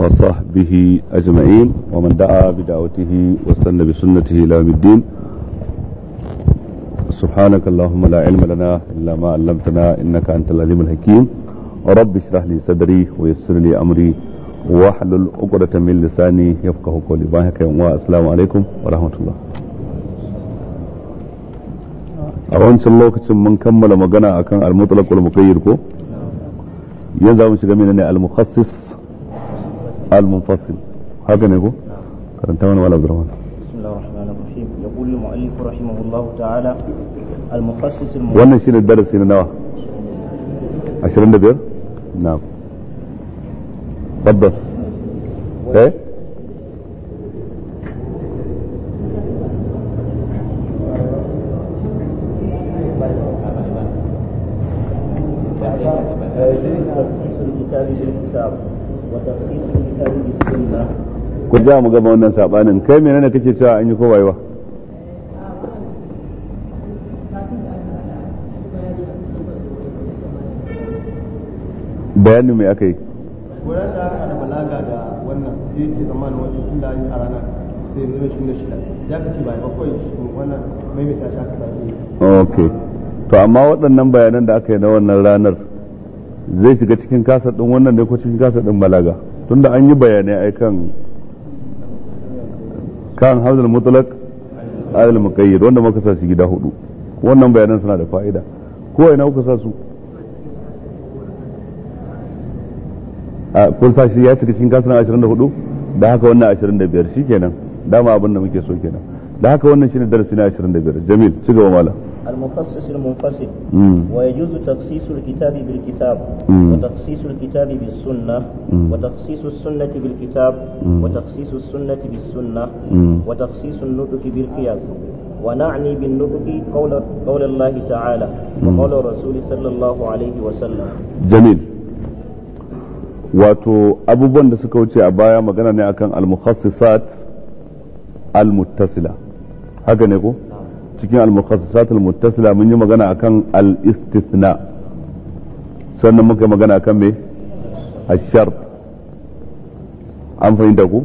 وصحبه أجمعين ومن دعا بدعوته واستنى بسنته إلى يوم الدين سبحانك اللهم لا علم لنا إلا ما علمتنا إنك أنت العليم الحكيم رب اشرح لي صدري ويسر لي أمري واحلل عقدة من لساني يفقه قولي باهك والسلام عليكم ورحمة الله a wancan lokacin mun kammala magana akan al-mutlaq wal muqayyid ko yanzu mu shiga menene al-mukhassis المنفصل هكذا نقول كرنتمان ولا عبد بسم الله الرحمن الرحيم يقول المؤلف رحمه الله تعالى المخصص المؤلف وانا شنو الدرس هنا نواه نعم. عشرين بير نعم تفضل ايه za mu gama wannan sabanin kai kake cewa an yi ko wayewa bayanin mai aka yi Okay, a ranar to amma waɗannan bayanan da aka yi na wannan ranar zai shiga cikin kasar ɗin wannan ne ko cikin kasar ɗin balaga tunda an yi bayanai a kan kan hamzul mutlaq al muqayyid wanda muka sa shi gida hudu wannan bayanan suna da fa'ida ko ina kuka sa su a kun sa shi ya cika cikin kasuwan 24 da haka wannan 25 shikenan dama abin da muke so kenan da haka wannan shine darasi na 25 jamil ci gaba malam المخصص المنفصل ويجوز تخصيص الكتاب بالكتاب وتخصيص الكتاب بالسنة وتخصيص السنة بالكتاب وتخصيص السنة بالسنة وتخصيص النطق بالقياس ونعني بالنطق قول قول الله تعالى وقول الرسول صلى الله عليه وسلم جميل wato abubuwan da suka wuce a baya magana ne akan al-mukhassisat al-muttasila haka ne ko cikin al-mukhassasat al-muttasila mun yi magana akan al-istithna sannan muka magana akan me ash-shart an fahimta ku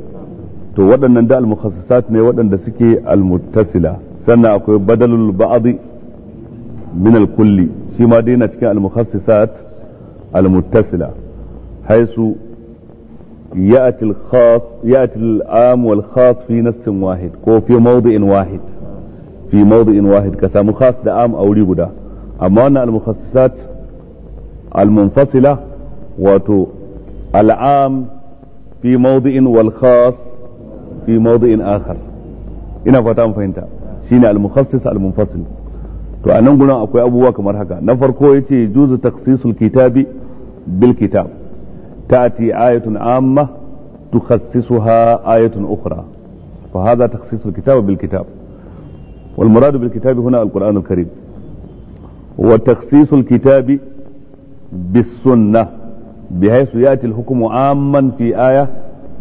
to waɗannan da al-mukhassasat ne waɗanda suke al-muttasila sannan akwai badalul ba'd min al-kulli shi ma dai na cikin al-mukhassasat al-muttasila haisu يأتي الخاص يأتي العام والخاص في نفس واحد كو في موضع واحد في موضع واحد كسام خاص دعام أو ريبدا أما أن المخصصات المنفصلة واتو العام في موضع والخاص في موضع آخر إنا فتام فهمت شين المخصص المنفصل تو أنهم قلنا أكو أبوه كمرحكا نفر كويتي يجوز تخصيص الكتاب بالكتاب تأتي آية عامة تخصصها آية أخرى فهذا تخصيص الكتاب بالكتاب والمراد بالكتاب هنا القرآن الكريم وتخصيص الكتاب بالسنة بحيث يأتي الحكم عاما في آية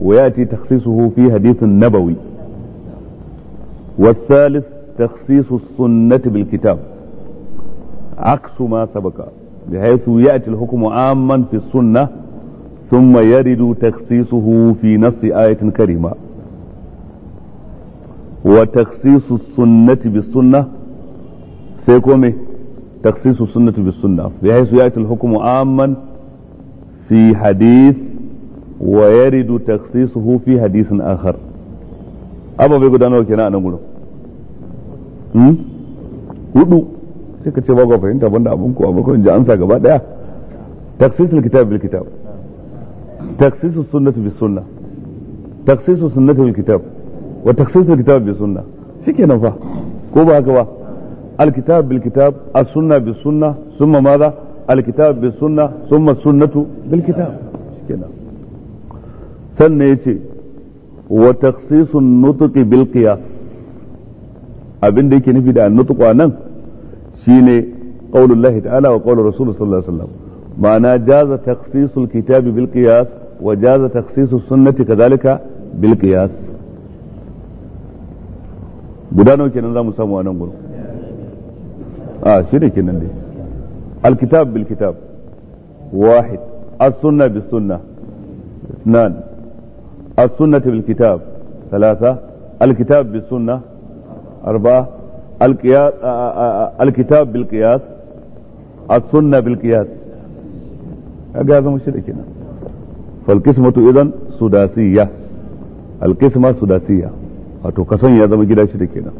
ويأتي تخصيصه في حديث نبوي والثالث تخصيص السنة بالكتاب عكس ما سبق بحيث يأتي الحكم عاما في السنة ثم يرد تخصيصه في نص آية كريمة wa taksisu sunnati bis sunna sai ko me taksisu sunnati bis sunna bi haythu ya'ti al hukmu amman fi hadith wa yaridu taksisuhu fi hadithin akhar ababe guda nawa kenan a nan gurin hmm? hudu sai ka ce ba ba fahimta banda abin ko abin kawai an sa gaba daya taksisul kitab bil kitab taksisus sunnati bis sunna taksisus sunnati bil kitab wa takhsisul kitab bi shikenan fa ko ba haka ba alkitab bil kitab as-sunna bis sunna alkitab bis sunna thumma sunnatu bil sannan yace wa takhsisun nutqi bil qiyas abin da yake nufi da nutqwa nan shine qaulullahi ta'ala wa qaulur rasul sallallahu alaihi wasallam ma'ana wa jaza takhsisus sunnati kadhalika bil guda nawa kenan za samu a nan gurin a ah, shi ne kenan dai alkitab bil kitab wahid as-sunna bis sunna arba alqiyas alkitab bil qiyas as-sunna bil qiyas kaga kenan fal qismatu idan sudasiyya al qisma wato kasan ya zama gida da kenan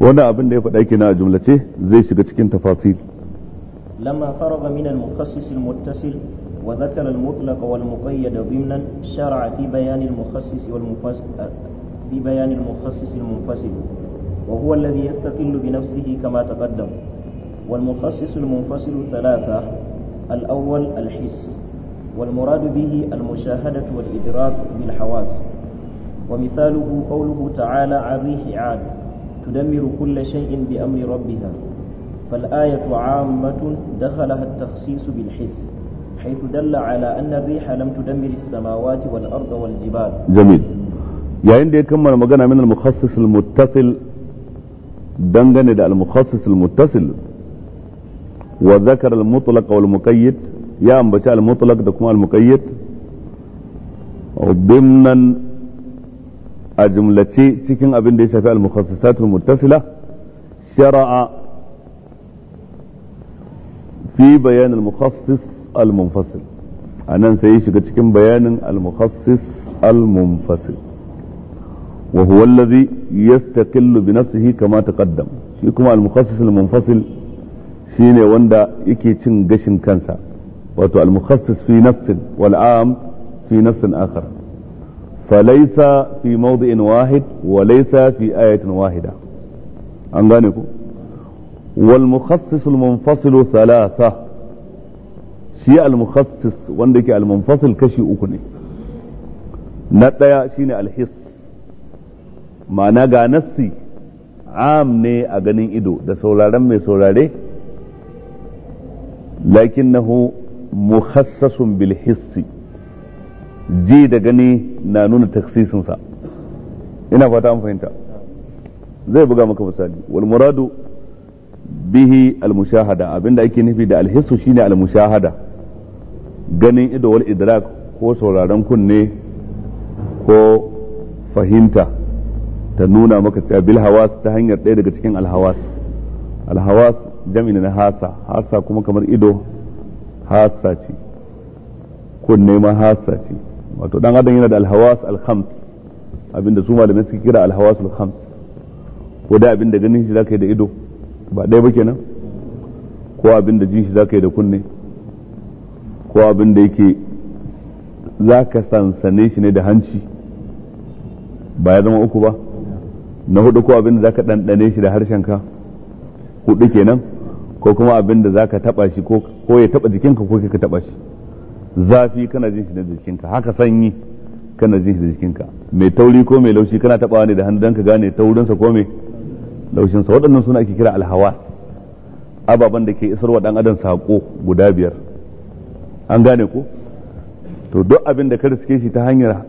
wani abin da ya faɗa kenan a jumlace zai shiga cikin tafasil لما فرغ من المخصص المتصل وذكر المطلق والمقيد ضمنا شرع في بيان المخصص والمفصل في بيان المخصص المنفصل وهو الذي يستقل بنفسه كما تقدم والمخصص المنفصل ثلاثة الأول الحس والمراد به المشاهدة والإدراك بالحواس ومثاله قوله تعالى عن ريح عاد تدمر كل شيء بأمر ربها فالآية عامة دخلها التخصيص بالحس حيث دل على أن الريح لم تدمر السماوات والأرض والجبال جميل يا عندي كم مجانا من المخصص المتصل دنجن إلى المخصص المتصل وذكر المطلق والمقيد يا أم المطلق دكما المقيد ضمنا a jimlace cikin abin da ya shafi al-mukhassasatul muttasila shara'a fi bayan al-mukhassis al-munfasil sai ya shiga cikin bayanin al-mukhassis al-munfasil wa huwa alladhi yastaqillu bi nafsihi kama taqaddam shi kuma al-mukhassis al-munfasil shine wanda yake cin gashin kansa wato al-mukhassis fi nafsin wal 'am fi nafsin akhar فليس في موضع واحد وليس في آية واحدة أنغانيكو والمخصص المنفصل ثلاثة شيء المخصص وندك المنفصل كشي أكني نتايا شين الحص ما نغا نسي عام ني a ganin ido da مي mai لكنه مخصص بالحس جي hissi ji na nuna taksisinsa ina fata an fahimta zai buga maka misali wal muradu bihi al mushahada abinda ake nufi da al shine al mushahada ganin ido wal idrak ko sauraron kunne ko fahimta ta nuna maka cewa bil hawas ta hanyar ɗaya daga cikin al hawas al hawas jami'in na hasa hasa kuma kamar ido hasa ce kunne ma hasa ce wato dan adam yana da alhawas alkhams abinda su malamai suke kira alhawas alkhams ko da abinda ganin shi zaka yi da ido ba ɗaya ba kenan ko abinda jin shi zaka yi da kunne ko abinda yake zaka sansane shi ne da hanci ba ya zama uku ba na hudu ko abinda zaka ɗanɗane shi da harshen ka hudu kenan ko kuma abinda zaka taba shi ko ya taba jikinka ko ka taba shi zafi kana jin shi da jikinka haka sanyi kana jin shi da jikinka mai tauri ko mai laushi kana tabawa ne da hannu dan ka gane taurinsa ko mai laushinsa waɗannan suna ake kira alhawa ababen da ke isarwa dan adam sako guda biyar an gane ko to duk abin da ka riske shi ta hanyar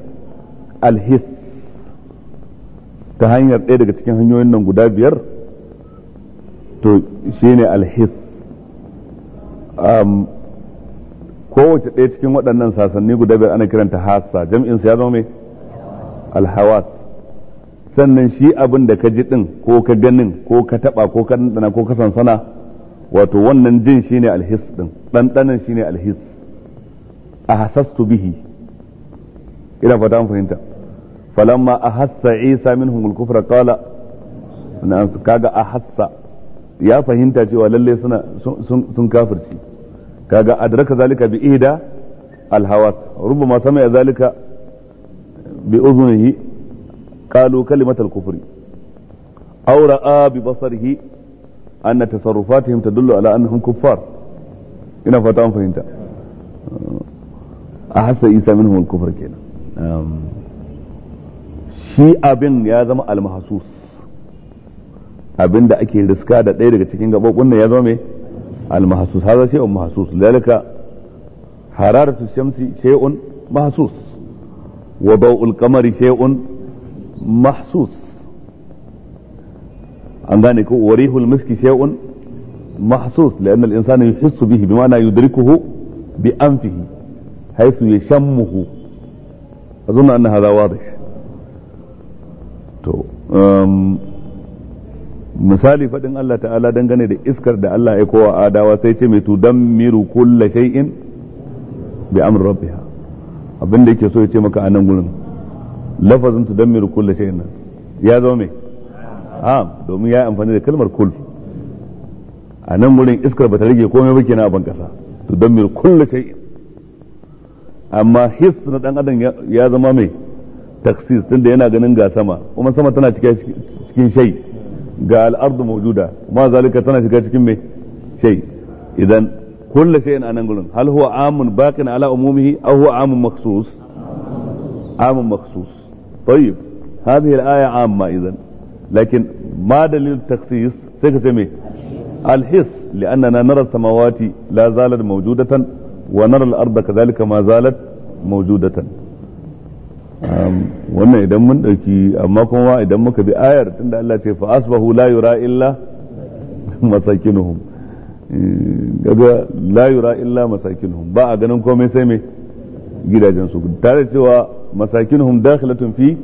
alhis ta hanyar ɗaya daga cikin hanyoyin nan guda biyar to shine alhis kowace ɗaya cikin waɗannan sasanni guda biyar ana kiranta hassa jam'in ya zama mai alhawas sannan shi abin da ka ji ɗin ko ka ganin ko ka taɓa ko ka ɗanɗana ko ka sansana wato wannan jin shi ne alhis ɗin ɗanɗanan ne alhis a hasastu bihi ina fata an fahimta falamma a hassa isa min hungul kufra qala na kaga a hassa ya fahimta cewa lalle suna sun kafirci kaga adraka zalika bi ihda alhawas rubama sami'a zalika bi uzunihi qalu kalimat al-kufri aw ra'a bi basarihi anna tasarrufatihim tadullu ala annahum kuffar ina fata an fahimta a hasa isa minhum al-kufr kenan shi abin ya zama al-mahsus abin da ake riska da ɗaya daga cikin gaɓoɓin ya zama mai المحسوس هذا شيء محسوس لذلك حرارة الشمس شيء محسوس وضوء القمر شيء محسوس an وريح ko شيء محسوس لأن الإنسان يحس به بمعنى يدركه بأنفه حيث يشمه أظن أن هذا واضح تو misali faɗin Allah ta'ala dangane da iskar da Allah ya kowa adawa sai ce mai miru kulla shay'in bi amr rabbiha abin da yake so ya ce maka a nan gurin lafazin miru kulla shay'in nan ya zo me a domin ya yi amfani da kalmar kul a nan gurin iskar ba ta rage komai ba kenan a ban kasa miru kulla shay'in amma his na dan adam ya zama mai taksis tunda yana ganin ga sama kuma sama tana cikin shay'in ga al'ardu mawjuda ma zalika tana shiga cikin mai shay idan kullu shay'in anan gurin hal huwa amun baqin ala umumihi aw huwa amun makhsus amun makhsus tayyib hadhihi al-aya amma idan lakin ma dalil takhsis sai ka ce me الحس لأننا نرى السماوات لا زالت موجودة ونرى الأرض كذلك ما زالت موجودة Um, wannan idan mun ɗauki amma kuma idan muka bi ayar tunda Allah ce fa asbahu la yura illa masakinuhum eh, kaga la yura illa masakinuhum ba a ganin komai sai me gidajen su tare cewa masakinuhum dakhilatun fi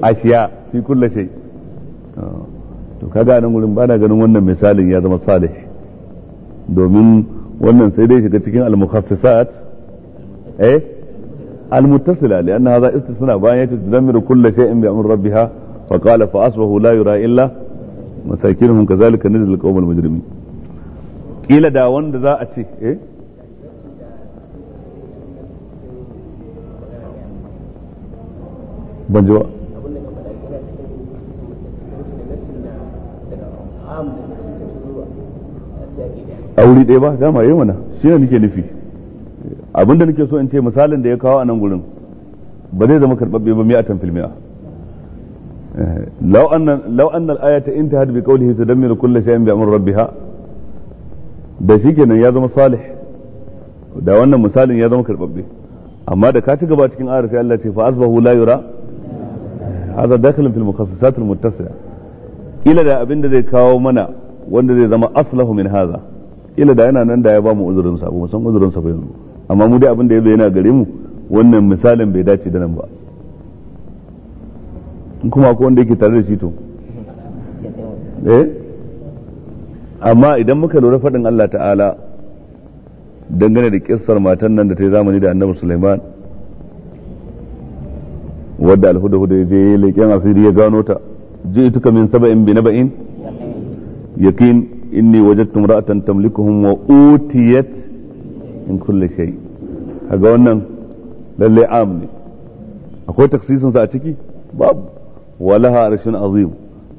ashiya fi kulli shay ah, to kaga nan gurin ba na ganin wannan misalin ya zama salih domin wannan sai dai shiga cikin al mukhassasat eh المتصلة لأن هذا استثناء بأن تدمر كل شيء بأمر ربها فقال فأصبحوا لا يرى إلا مساكنهم كذلك نزل القوم المجرمين قيل دا وند ذا أتي إيه؟ بنجوا aure ɗaya ba dama yi mana shi ne nake nufi abinda nake so in ce misalin da ya kawo a nan gurin ba zai zama karɓaɓɓe ba mi'atan fil mi'a eh, law anna law anna al-ayata intahat bi qawlihi tadammiru kulli shay'in bi amri rabbiha da shi kenan ya zama salih da wannan misalin ya zama karɓaɓɓe amma da ka ci gaba cikin ayar sai Allah ce fa asbahu la yura hadha dakhilun fil mukhassasat al-muttasila ila da abin da zai kawo mana wanda zai zama aslahu min hadha ila da yana nan da ya ba mu uzurin sa ba san uzurin sa yanzu amma mu dai abin da ya yana gare mu wannan misalin bai dace da nan ba kuma ko wanda yake tare da shi to eh amma idan muka lura faɗin Allah ta'ala dangane da kissar matan nan da ta yi zamani da annabi Sulaiman wadda alhuda-huda ya je leƙen asiri ya gano ta ji ituka min saba'in bi naba'in yakin inni wajadtum ra'atan tamlikuhum wa utiyat in kulle shai a ga wannan lalle am ne akwai taksisin sa a ciki babu walaha arshun azim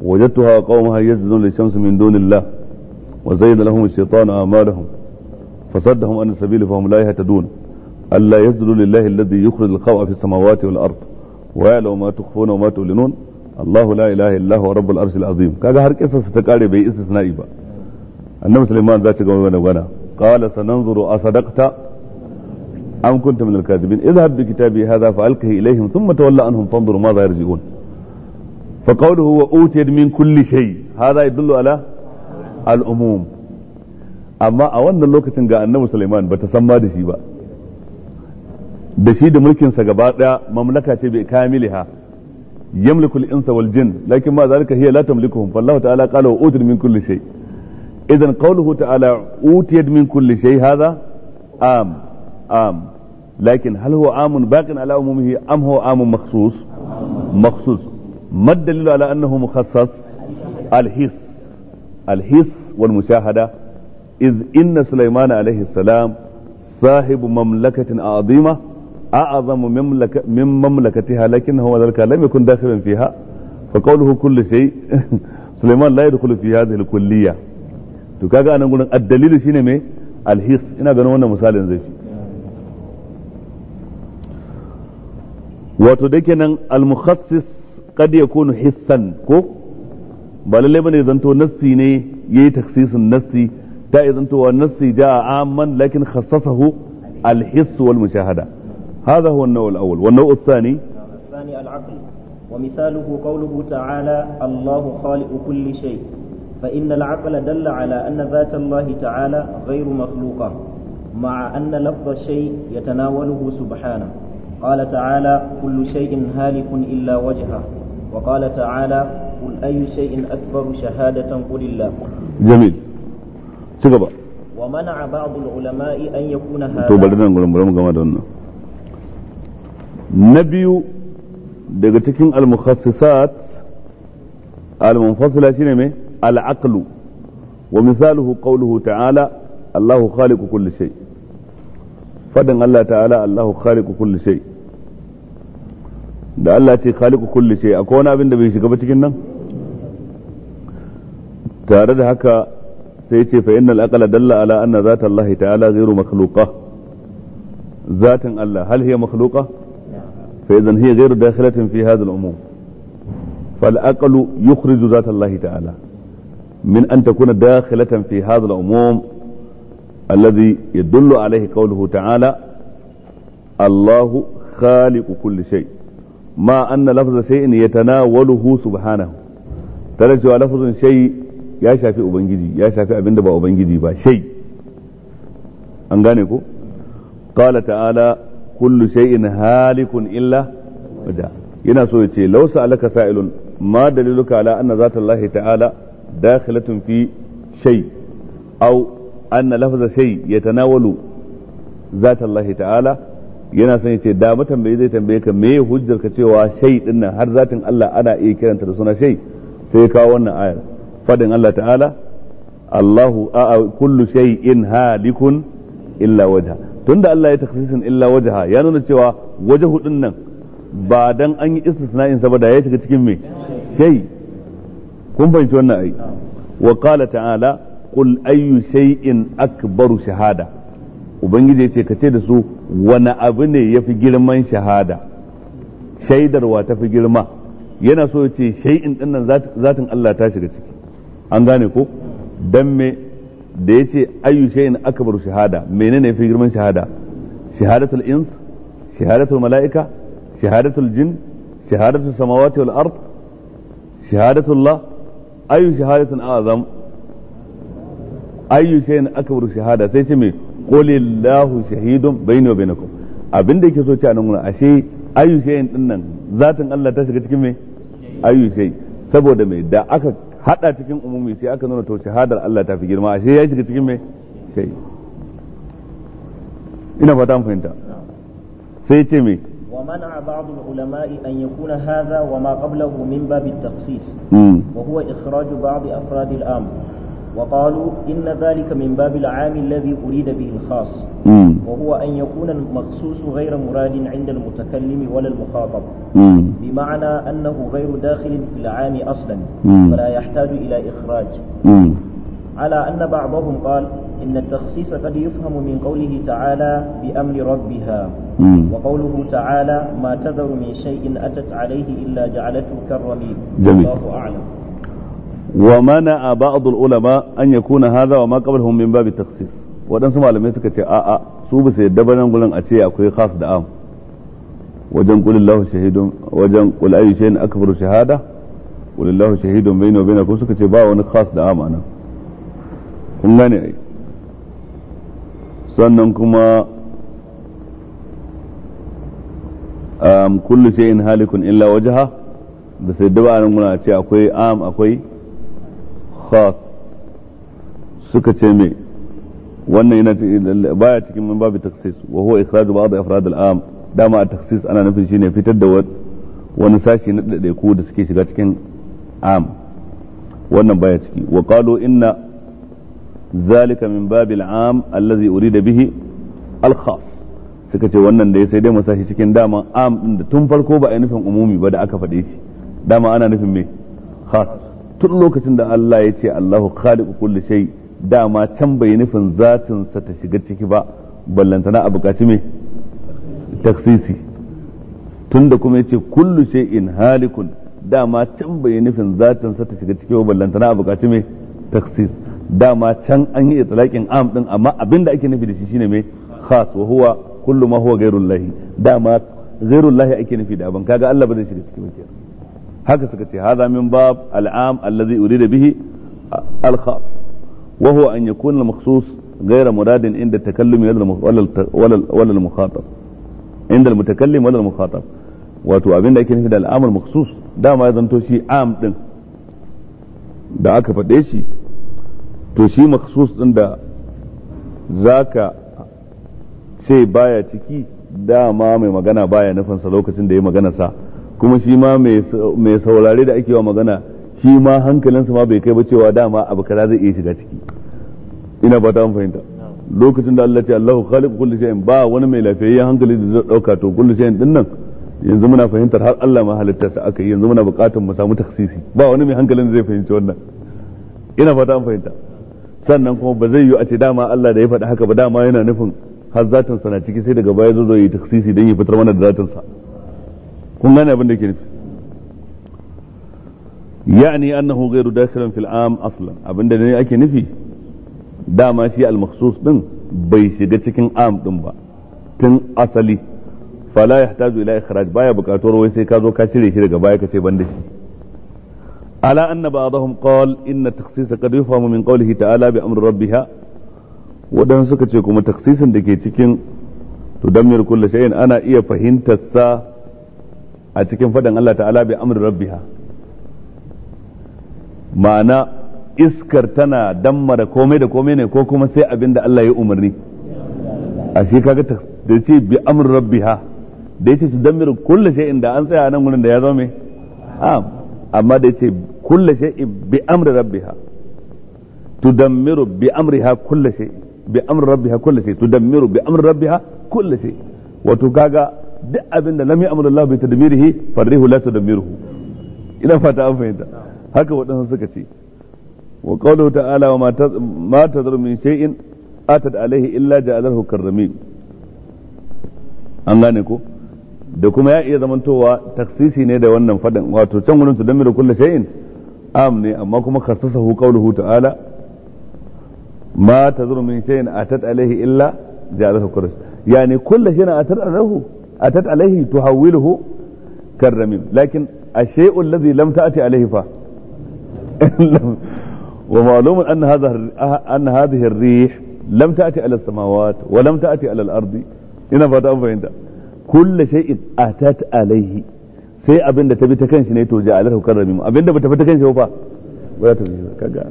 wajadtuha qaumaha yazdun li shamsi min dunillah wa zayyana lahum ash-shaytanu a'malahum fasaddahum an sabili fahum la yahtadun alla yasjudu lillahi alladhi yukhrij al-khawa fi as-samawati wal ard wa ya'lamu ma tukhfuna wa ma tu'linun Allahu la ilaha illa huwa rabbul arshil azim kaga har kissa ta kare bai istisna'i ba annabi Sulaiman za ta ga wannan gwana قال سننظر أصدقت أم كنت من الكاذبين اذهب بكتابي هذا فألقه إليهم ثم تولى عنهم فانظروا ماذا يرجعون فقوله وأوتيت من كل شيء هذا يدل على العموم amma a wannan lokacin ga annabi Sulaiman ba ta san ma da shi ba da shi da mulkinsa gaba daya mamlaka ce bai kamiliha yamlikul insa wal jin lakin ma zalika hiya la tamlikuhum ta'ala qala wa min kulli shay' إذا قوله تعالى أوتيت من كل شيء هذا عام عام لكن هل هو عام باق على عمومه أم هو عام مخصوص مخصوص ما الدليل على أنه مخصص الحس الحس والمشاهدة إذ إن سليمان عليه السلام صاحب مملكة عظيمة أعظم مملكة من مملكتها لكنه ذلك لم يكن داخلا فيها فقوله كل شيء سليمان لا يدخل في هذه الكلية to kaga anan gurin addalilu shine me alhis ina ganin wannan misalin zai fi wato da kenan al kad yakunu hissan ko ba lalle bane zanto nassi ne yayi taksisin nassi ta yi wa nassi jaa amman lakin khassasahu al-hiss wal mushahada هذا هو النوع الأول والنوع الثاني الثاني العقل ومثاله قوله تعالى الله خالق كل شيء فإن العقل دل على أن ذات الله تعالى غير مخلوقة مع أن لفظ الشيء يتناوله سبحانه قال تعالى كل شيء هالك إلا وجهه وقال تعالى قل أي شيء أكبر شهادة قل الله جميل سيقبا ومنع بعض العلماء أن يكون هذا تو بلدنا نقول مبرم كما دون نبي daga cikin al-mukhassisat al-munfasila shine me العقل ومثاله قوله تعالى الله خالق كل شيء فدن الله تعالى الله خالق كل شيء da Allah ce khaliqu kulli shay akwai wani abin da bai shiga ba cikin nan tare da haka sai ce fa innal aqla dalla ala anna zata Allah ta'ala ghairu makhluqa zatin Allah hal hiya makhluqa fa idan hiya ghairu dakhilatin fi hadha al-umum fal aqlu yukhriju zata Allah ta'ala من أن تكون داخلة في هذا العموم الذي يدل عليه قوله تعالى الله خالق كل شيء مع أن لفظ شيء يتناوله سبحانه tare cewa lafazin shai ya shafi ubangiji ya shafi abin ba ubangiji ba shai an gane ko qala ta'ala kullu shay'in halikun illa waja yana so ya ce law sa'alaka sa'ilun ma daliluka ala anna zata ta'ala داخلة في شيء أو أن لفظ شيء يتناول ذات الله تعالى yana son ya ce da matambayi zai tambaye ka me hujjar ka cewa shai din nan har zatin Allah ana iya kiranta da suna shai sai ya kawo wannan ayar fadin Allah ta'ala Allahu a kullu in halikun illa wajha tunda Allah ya takhsisin illa wajha ya nuna cewa wajhu din nan ba dan an yi istisna'in sa ba da ya shiga cikin me shai kun fahimci wannan ai wa qala ta'ala qul ayyu shay'in akbaru shahada ubangiji ya ce ka ce da su wani abu ne yafi girman shahada shaidarwa ta fi girma yana so ya ce shay'in din nan zatin Allah ta shiga ciki an gane ko dan me da ya ce ayyu shay'in akbaru shahada menene fi girman shahada shahadatul ins shahadatul mala'ika shahadatul jin shahadatul samawati wal ard shahadatullah ayu shahadatin azam ayu shay'in akbar shahada sai ce me qulillahu shahidun bayni wa bainakum abin da yake so ce a nan ashe ayu shay'in din nan zatin Allah ta shiga cikin me ayu shay saboda me da aka hada cikin umumi sai aka nuna to shahadar Allah ta fi girma ashe ya shiga cikin me shay ina fata fahimta sai ce me ومنع بعض العلماء أن يكون هذا وما قبله من باب التخصيص وهو إخراج بعض أفراد الأمر وقالوا إن ذلك من باب العام الذي أريد به الخاص وهو أن يكون المخصوص غير مراد عند المتكلم ولا المخاطب بمعنى أنه غير داخل في العام أصلا فلا يحتاج إلى إخراج على أن بعضهم قال إن التخصيص قد يفهم من قوله تعالى بأمر ربها وقوله تعالى ما تذر من شيء أتت عليه إلا جعلته كالرميم جميل الله أعلم ومنع بعض العلماء أن يكون هذا وما قبلهم من باب التخصيص ودن سمع لم يسكت آآ سوبس يدبنا نقول لن أتي أكوي خاص دعام وجن قل الله شهيد وجن قل أي شيء أكبر شهادة قل الله شهيد بيني وبينك وسكت باء ونقص دعام أنا كن sannan kuma um, kullu shay'in halikun illa wajha da sai daba nan muna ce akwai am akwai khas suka ce me wannan yana baya cikin min babu taksis wa huwa ikhraju ba'd afrad al-am dama taksis ana nufin shine fitar da wani sashi na ɗaiɗaiku da suke shiga cikin am wannan baya ciki wa qalu inna ذلك من باب العام الذي أريد به الخاص suka ce wannan da ya sai dai mu sashi cikin dama am din da tun farko ba ai nufin umumi ba da aka faɗe shi dama ana nufin me khas tun lokacin da Allah ya ce Allahu khaliqu kulli shay dama can bai nufin zatin sa ta shiga ciki ba ballantana a bukaci me taksisi da kuma yace kullu shay'in halikun dama can bai nufin zatin sa ta shiga ciki ba ballantana a bukaci me taksisi dama can an yi itlaqin am din amma abinda ake nufi da shi shine mai khas wa huwa kullu ma huwa ghairul lahi dama ghairul lahi ake nufi da ban kaga Allah ba zai shiga cikin wannan haka suka ce hadha min bab al'am alladhi urida bihi al khas wa huwa an yakuna al makhsus غير مراد عند wal wal ولا ولا المخاطب عند المتكلم ولا المخاطب wato abin da ake nufi da al'amur makhsus dama ya zanto shi am din da aka faɗe shi to shi makasus din da za ka ce baya ciki dama mai magana baya nufinsa lokacin da ya magana sa kuma shi ma mai saurare da ake wa magana shi ma hankalinsa ma bai kai ba cewa dama abu kaza zai iya shiga ciki ina ba ta fahimta lokacin da Allah ce Allahu khaliq kulli shay'in ba wani mai lafiyayyen hankali da zai dauka to kulli shay'in din nan yanzu muna fahimtar har Allah ma halittarsa aka yi yanzu muna bukatar mu samu taksisi ba wani mai hankalin da zai fahimci wannan ina fata an fahimta sannan kuma ba zai yi a ce dama Allah da ya faɗi haka ba dama yana nufin har zatin sa na ciki sai daga baya zo yi taksisi don ya fitar mana da zatin sa kun gane abin da ke nufi yani annahu ghayru dakhilan fil am aslan abinda ne ake nufi dama shi al makhsus din bai shiga cikin am din ba tun asali fala yahtaju ila ikhraj baya bukatuwar wai sai ka zo ka cire shi daga baya ka ce ban da shi على أن بعضهم قال إن التخصيص قد يفهم من قوله تعالى بأمر ربها ودهن سكتشكم تخصيصا دكي تكين تدمر كل شيء أنا إيا فهنت السا أتكين فدن الله تعالى بأمر ربها معنى iskar tana dammara komai da komai ne ko kuma sai abin da Allah ya umarni a shi kaga ta da ce bi amr rabbiha da yace su dammira kullu shay'in da an tsaya nan gurin da ya zo me a amma da ce kulle shay'in bi amri rabbiha tudammiru bi amriha kulle shay bi amri rabbiha kulle shay tudammiru bi amri rabbiha kulle shay wato kaga duk abin da lam ya'muru Allah bi tadmirihi farihu la tudammiruhu ina fata an fahimta haka wadansu suka ce wa qawluhu ta'ala wa ma tadru min shay'in atad alayhi illa ja'alahu karramin an gane ko da kuma ya iya zamantowa taksisi ne da wannan fadin wato can wurin su dan mira kullu shay'in am ne amma kuma kasasa khassasahu qawluhu ta'ala ma tazuru min shay'in atat alayhi illa ja'alahu kuras yani kullu shay'in atat alayhi atat alayhi tuhawwiluhu karramim lakin ashay'u alladhi lam ta'ti الشيء الذي لم تأتي عليه فا ومعلوم أن هذا أن هذه الريح لم تأتي على السماوات ولم تأتي على الأرض إن فاتأ فهمت kullu shay'in atat alaihi sai abinda ta bi ta kanshi ne to ja'alahu karrami abinda bata bi ta kanshi ba ba ta bi kaga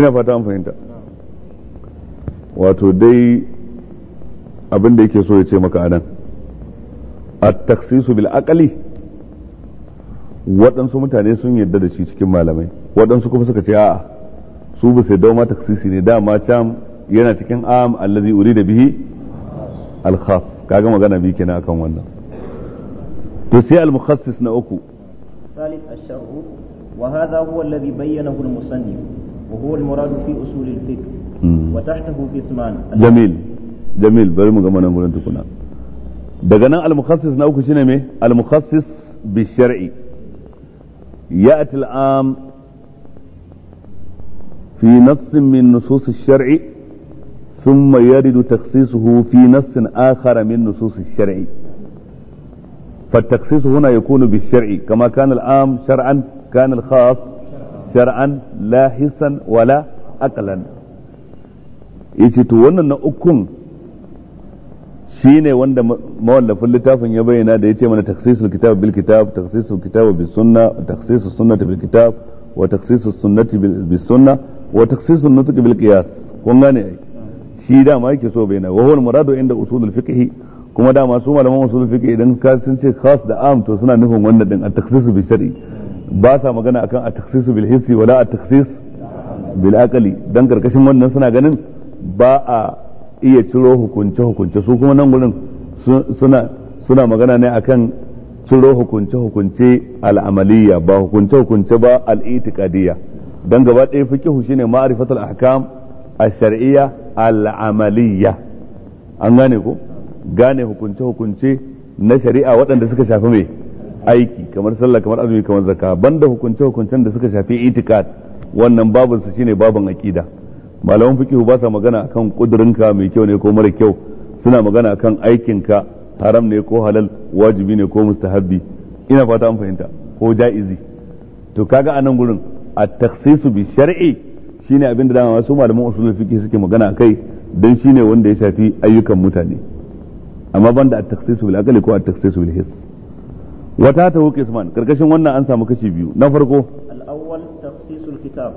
ina fata an fahimta wato dai abinda yake so ya ce maka anan at-taksisu bil aqli waɗansu mutane sun yarda da shi cikin malamai waɗansu kuma suka ce a'a su ba sai dauma taksisi ne dama cam yana cikin am allazi urida bihi al-khaf kaga magana bi kenan akan wannan to sai al-mukhassis na uku ثالث الشرع وهذا هو الذي بينه المصنف وهو المراد في أصول الفقه وتحته قسمان جميل جميل bari mu gama nan gurin tukuna daga nan al-mukhassis na uku shine me al-mukhassis bi-shar'i ya'ti al-am fi nass min nusus ash-shar'i ثم يرد تخصيصه في نص آخر من نصوص الشرع فالتخصيص هنا يكون بالشرع كما كان العام شرعا كان الخاص شرعا لا حسا ولا أقلا yace to wannan na ukun shine wanda mawallafin littafin ya bayyana da yace mana takhsisul kitab bil kitab takhsisul kitab bis sunna takhsisus sunnati bil kitab wa takhsisus wa shi dama yake so bai na wa huwal muradu inda usulul fiqh kuma dama su malaman usulul fiqh idan ka sun ce khas da am to suna nufin wannan din at-takhsis bi shar'i ba sa magana akan at-takhsis bil hissi wala at-takhsis bil aqli dan karkashin wannan suna ganin ba a iya ciro hukunce hukunce su kuma nan gurin suna suna magana ne akan ciro hukunce hukunce al'amaliya ba hukunce hukunce ba al'itikadiyya dan gaba ɗaya fiqhu shine ma'rifatul ahkam al shariyya al'amaliya an gane ko gane hukunce-hukunce na shari'a waɗanda suka shafi mai aiki kamar sallah kamar azumi kamar zakka banda hukunce-hukuncen da suka shafi itikad wannan babin su shine babin aqida malaman fiqh ba sa magana akan kudurinka mai kyau ne ko mara kyau suna magana akan aikinka haram ne ko halal wajibi ne ko mustahabbi ina fata an fahimta ko ja'izi to kaga anan gurin at-takhsisu bi shar'i shine abin da dama wasu malaman usulul fiqh suke magana kai dan shine wanda ya shafi ayyukan mutane amma banda at-takhsis bil aqli ko at-takhsis bil hiss wata ta wuke isman karkashin wannan an samu kashi biyu na farko al-awwal takhsisul kitab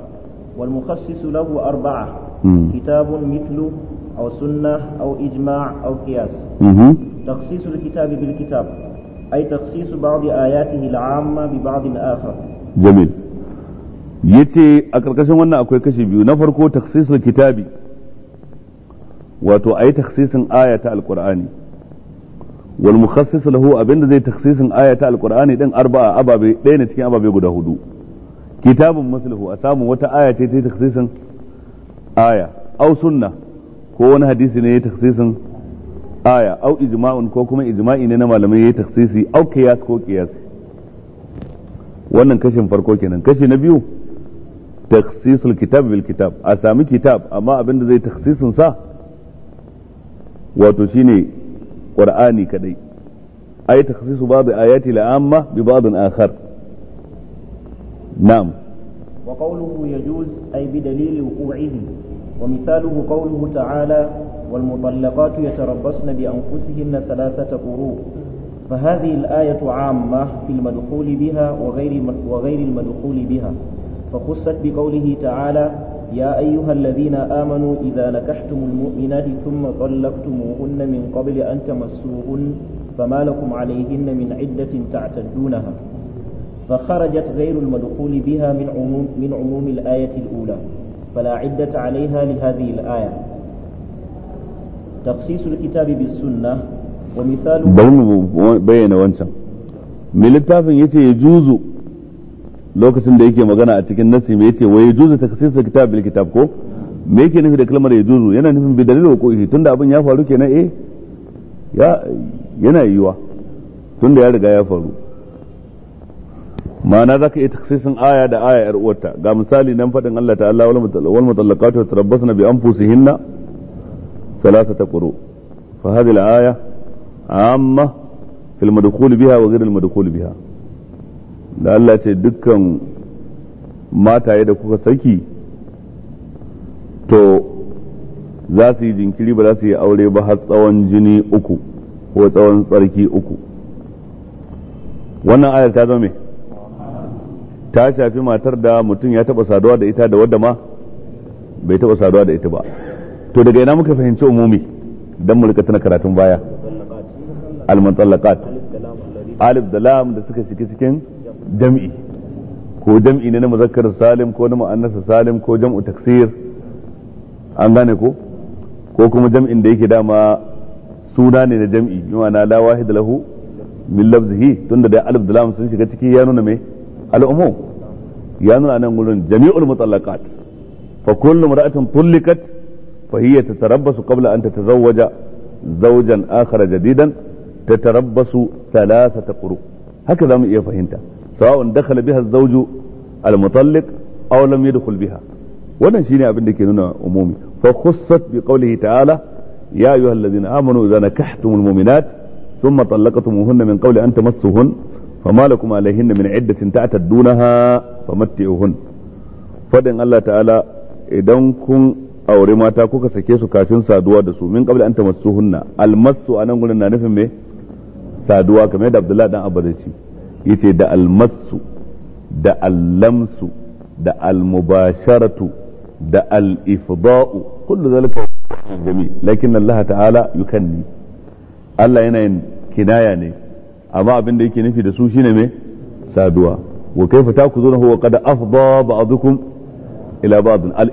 wal mukhassisu lahu arba'a hmm. kitabun mithlu أو سنة أو إجماع أو قياس تخصيص الكتاب بالكتاب أي تخصيص بعض آياته bi ببعض آخر جميل yace a karkashin wannan akwai kashi biyu na farko taksisul kitabi wato ayi taksisin aya ta alqur'ani wal mukhassis lahu abinda zai taksisin aya ta alqur'ani din arba'a ababe ɗaya ne cikin ababe guda hudu kitabun maslahu a samu wata aya ce ta yi aya au sunna ko wani hadisi ne ya taksisin aya au ijma'un ko kuma ijma'i ne na malamai ya taksisi aw qiyas ko kiyas wannan kashin farko kenan kashi na biyu تخصيص الكتاب بالكتاب أسامي كتاب أما أبن زي تخصيص صح وتشيني قرآني كدي أي تخصيص بعض آيات العامة ببعض آخر نعم وقوله يجوز أي بدليل وقوعه ومثاله قوله تعالى والمطلقات يتربصن بأنفسهن ثلاثة قروء فهذه الآية عامة في المدخول بها وغير وغير المدخول بها فخصت بقوله تعالى يا أيها الذين آمنوا إذا نكحتم المؤمنات ثم طلقتموهن من قبل أن تمسوهن فما لكم عليهن من عدة تعتدونها فخرجت غير المدخول بها من عموم, من عموم الآية الأولى فلا عدة عليها لهذه الآية تخصيص الكتاب بالسنة ومثال بين وانسان من التافن يتي يجوز lokacin da yake magana a cikin nasi mai yace wa yajuzu takhsisul kitab bil kitab ko me yake nufi da kalmar yajuzu yana nufin bi dalilin hukuki tunda abin ya faru kenan eh ya yana yiwa tunda ya riga ya faru ma'ana za ka iya taksisin aya da aya yar uwarta ga misali nan faɗin Allah ta'ala wal mutallaqatu tarabbasna bi anfusihinna thalathata quru fa hadhihi al-aya amma fil madkhul biha wa ghayr al madkhul biha da Allah ce dukkan mataye da kuka saki to za su yi jinkiri ba za su yi aure ba har tsawon jini uku ko tsawon tsarki uku wannan ayar ta zama ta shafi matar da mutum ya taba saduwa da ita da wadda ma bai taba saduwa da ita ba to daga ina muka fahimci umumi don mu rika tana karatun baya al-mutallaqat alif da lam da suka shiki cikin jam'i ko jam'i ne na muzakkar salim ko na mu'annas salim ko jam'u taksir an gane ko ko kuma jam'in da yake dama suna ne na jam'i yana la wahid lahu min lafzihi tunda da alif da sun shiga ciki ya nuna me al'umu ya nuna nan gurin jami'ul mutallaqat fa kullu mar'atin tulliqat fa hiya tatarabbasu qabla an tatazawwaja zawjan akhar jadidan haka zamu iya fahimta sawa'un dakhala biha zauju zawju al-mutalliq aw lam wannan shine abin da ke nuna umumi fa khussat bi qawlihi ta'ala ya ayyuhallazina amanu idza nakahtumul mu'minat thumma talaqtumuhunna min qawli an tamassuhun fama lakum alayhinna min 'iddatin ta'taddunaha famatti'uhun fadin Allah ta'ala idan kun aure mata kuka sake su kafin saduwa da su min qabli an tamassuhunna almasu anan gurin na nufin me saduwa kamar da Abdullah dan Abba yace da almasu da allamsu da almubasharatu da al kullu zalika jami lakin Allah ta'ala yukanni Allah yana yin kinaya ne amma abin da yake nufi da su shine me saduwa wa kaifa takuzunahu wa qad afda ba'dukum ila ba'd al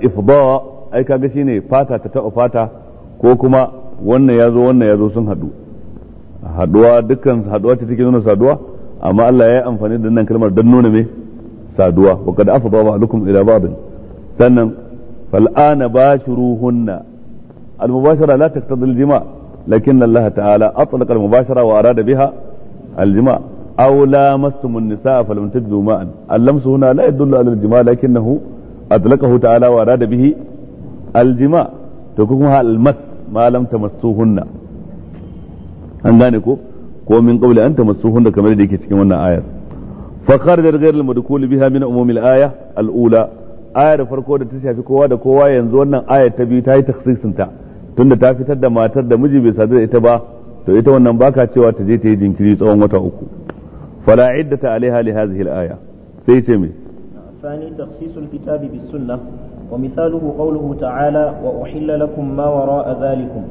ai kaga shine fata ta taɓa fata ko kuma wannan yazo wannan yazo sun hadu haduwa dukkan haduwa ce take nuna saduwa amma Allah ya yi amfani da nan kalmar don nuna mai saduwa wa kad afdha ba'dukum ila ba'd sannan fal ana bashiruhunna al mubashara la taqtadi al jima' lakin Allah ta'ala atlaqa al mubashara wa arada biha al jima' aw lamastum an nisaa falam tajidu ma'an al lamsu huna la yadullu ala al jima' lakinnahu atlaqahu ta'ala wa arada bihi al jima' to kuma al mas ma lam tamassuhunna an gane ko ko min qabli an tamassuhunna kamar da yake cikin wannan ayar fa kharaja ghayr al-madkhul biha min umum al-aya al-ula da farko da ta shafi kowa da kowa yanzu wannan ayar ta biyu ta yi takhsisin ta tunda ta fitar da matar da miji bai sadu da ita ba to ita wannan baka cewa ta je ta yi jinkiri tsawon wata uku fala iddata alaiha li hadhihi al-aya sai ce me ثاني تخصيص الكتاب بالسنة ومثاله قوله تعالى وأحل لكم ما وراء ذلكم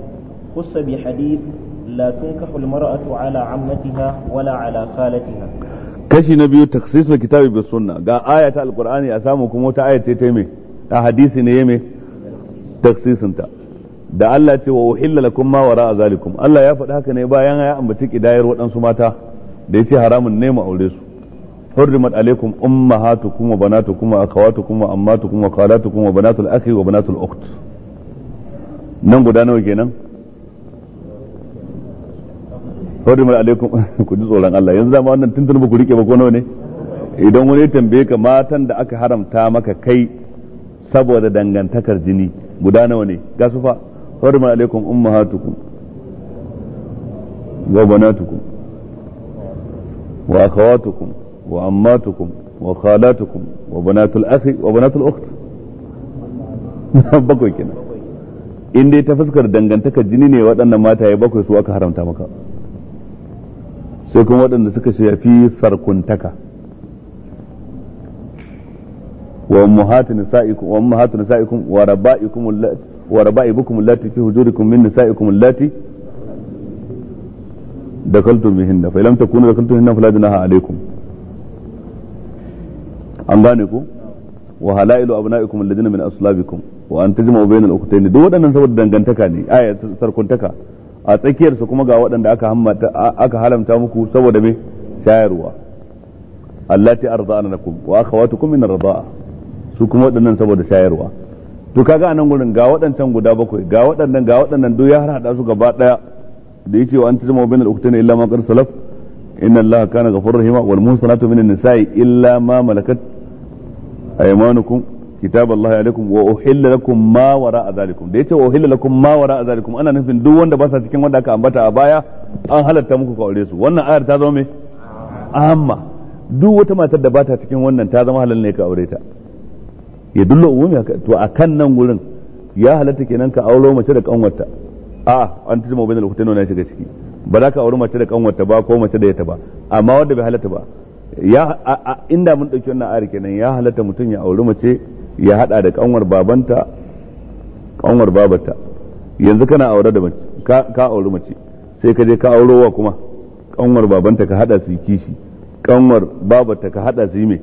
خص بحديث لا تنكح المرأة على عمتها ولا على خالتها kashi na biyu taksisul kitabi bis sunna ga ayata alqur'ani a samu kuma wata ayata ta me a hadisi ne yeme taksisin ta da Allah ce wa uhilla lakum ma wara zalikum Allah ya faɗi haka ne bayan ya ambaci kidayar waɗansu mata da yace haramun ne mu aure su hurrimat alaikum ummahatukum wa banatukum wa akhawatukum wa ammatukum wa khalatukum wa banatul akhi wa banatul ukht nan guda nawa kenan hurrimat alaikum ku ji tsoron Allah yanzu dama wannan tuntun ba ku rike ba ko nawa ne idan wani ya tambaye ka matan da aka haramta maka kai saboda dangantakar jini guda nawa ne ga su fa hurrimat alaikum ummahatukum wa banatukum wa akhawatukum wa ammatukum wa khalatukum wa banatul akhi wa banatul ukht bakwai kenan in dai ta fuskar dangantakar jini ne waɗannan mataye bakwai su aka haramta maka sai kuma waɗanda suka shafi sarkuntaka wa ummahatu nisaikum wa ummahatu nisaikum wa raba'ikum allati wa raba'ibukum allati fi hujurikum min nisaikum allati dakaltum bihinna fa lam takunu dakaltum bihin fala junaha alaykum an gane ku wa halailu abna'ikum alladhina min aslabikum wa an tajma'u bayna al-ukhtayn duk waɗannan saboda dangantaka ne aya sarkuntaka a tsakiyarsa kuma ga waɗanda aka hammata aka halamta muku saboda me shayarwa allati arda'anakum wa akhawatukum min arda'a su kuma waɗannan saboda shayarwa to kaga anan gurin ga waɗancan guda bakwai ga waɗannan ga waɗannan duk ya hada su gaba daya da yace wa bin al-uktan illa ma qad salaf inna allaha kana ghafurur rahima wal min an nisa'i illa ma malakat aymanukum kitab Allah alaikum wa uhilla lakum ma wara azalikum da yace wa uhilla lakum ma wara azalikum ana nufin duk wanda ba sa cikin wanda aka ambata a baya an halatta muku ka aure su wannan ayar ta zama me amma duk wata matar da ba ta cikin wannan ta zama halal ne ka aure ta ya dullo umumi to akan nan gurin ya halatta kenan ka aure mace da kanwarta a'a an tijma bainal hutaino na shiga ciki ba za ka aure mace da kanwarta ba ko mace da yata ba amma wanda bai halatta ba ya inda mun dauki wannan ayar kenan ya halatta mutum ya aure mace ya hada da kanwar babanta kanwar babata yanzu kana aure da mace ka aure mace sai ka je ka aurowa kuma kanwar babanta ka hada su yi kishi kanwar babata ka hada su yi mai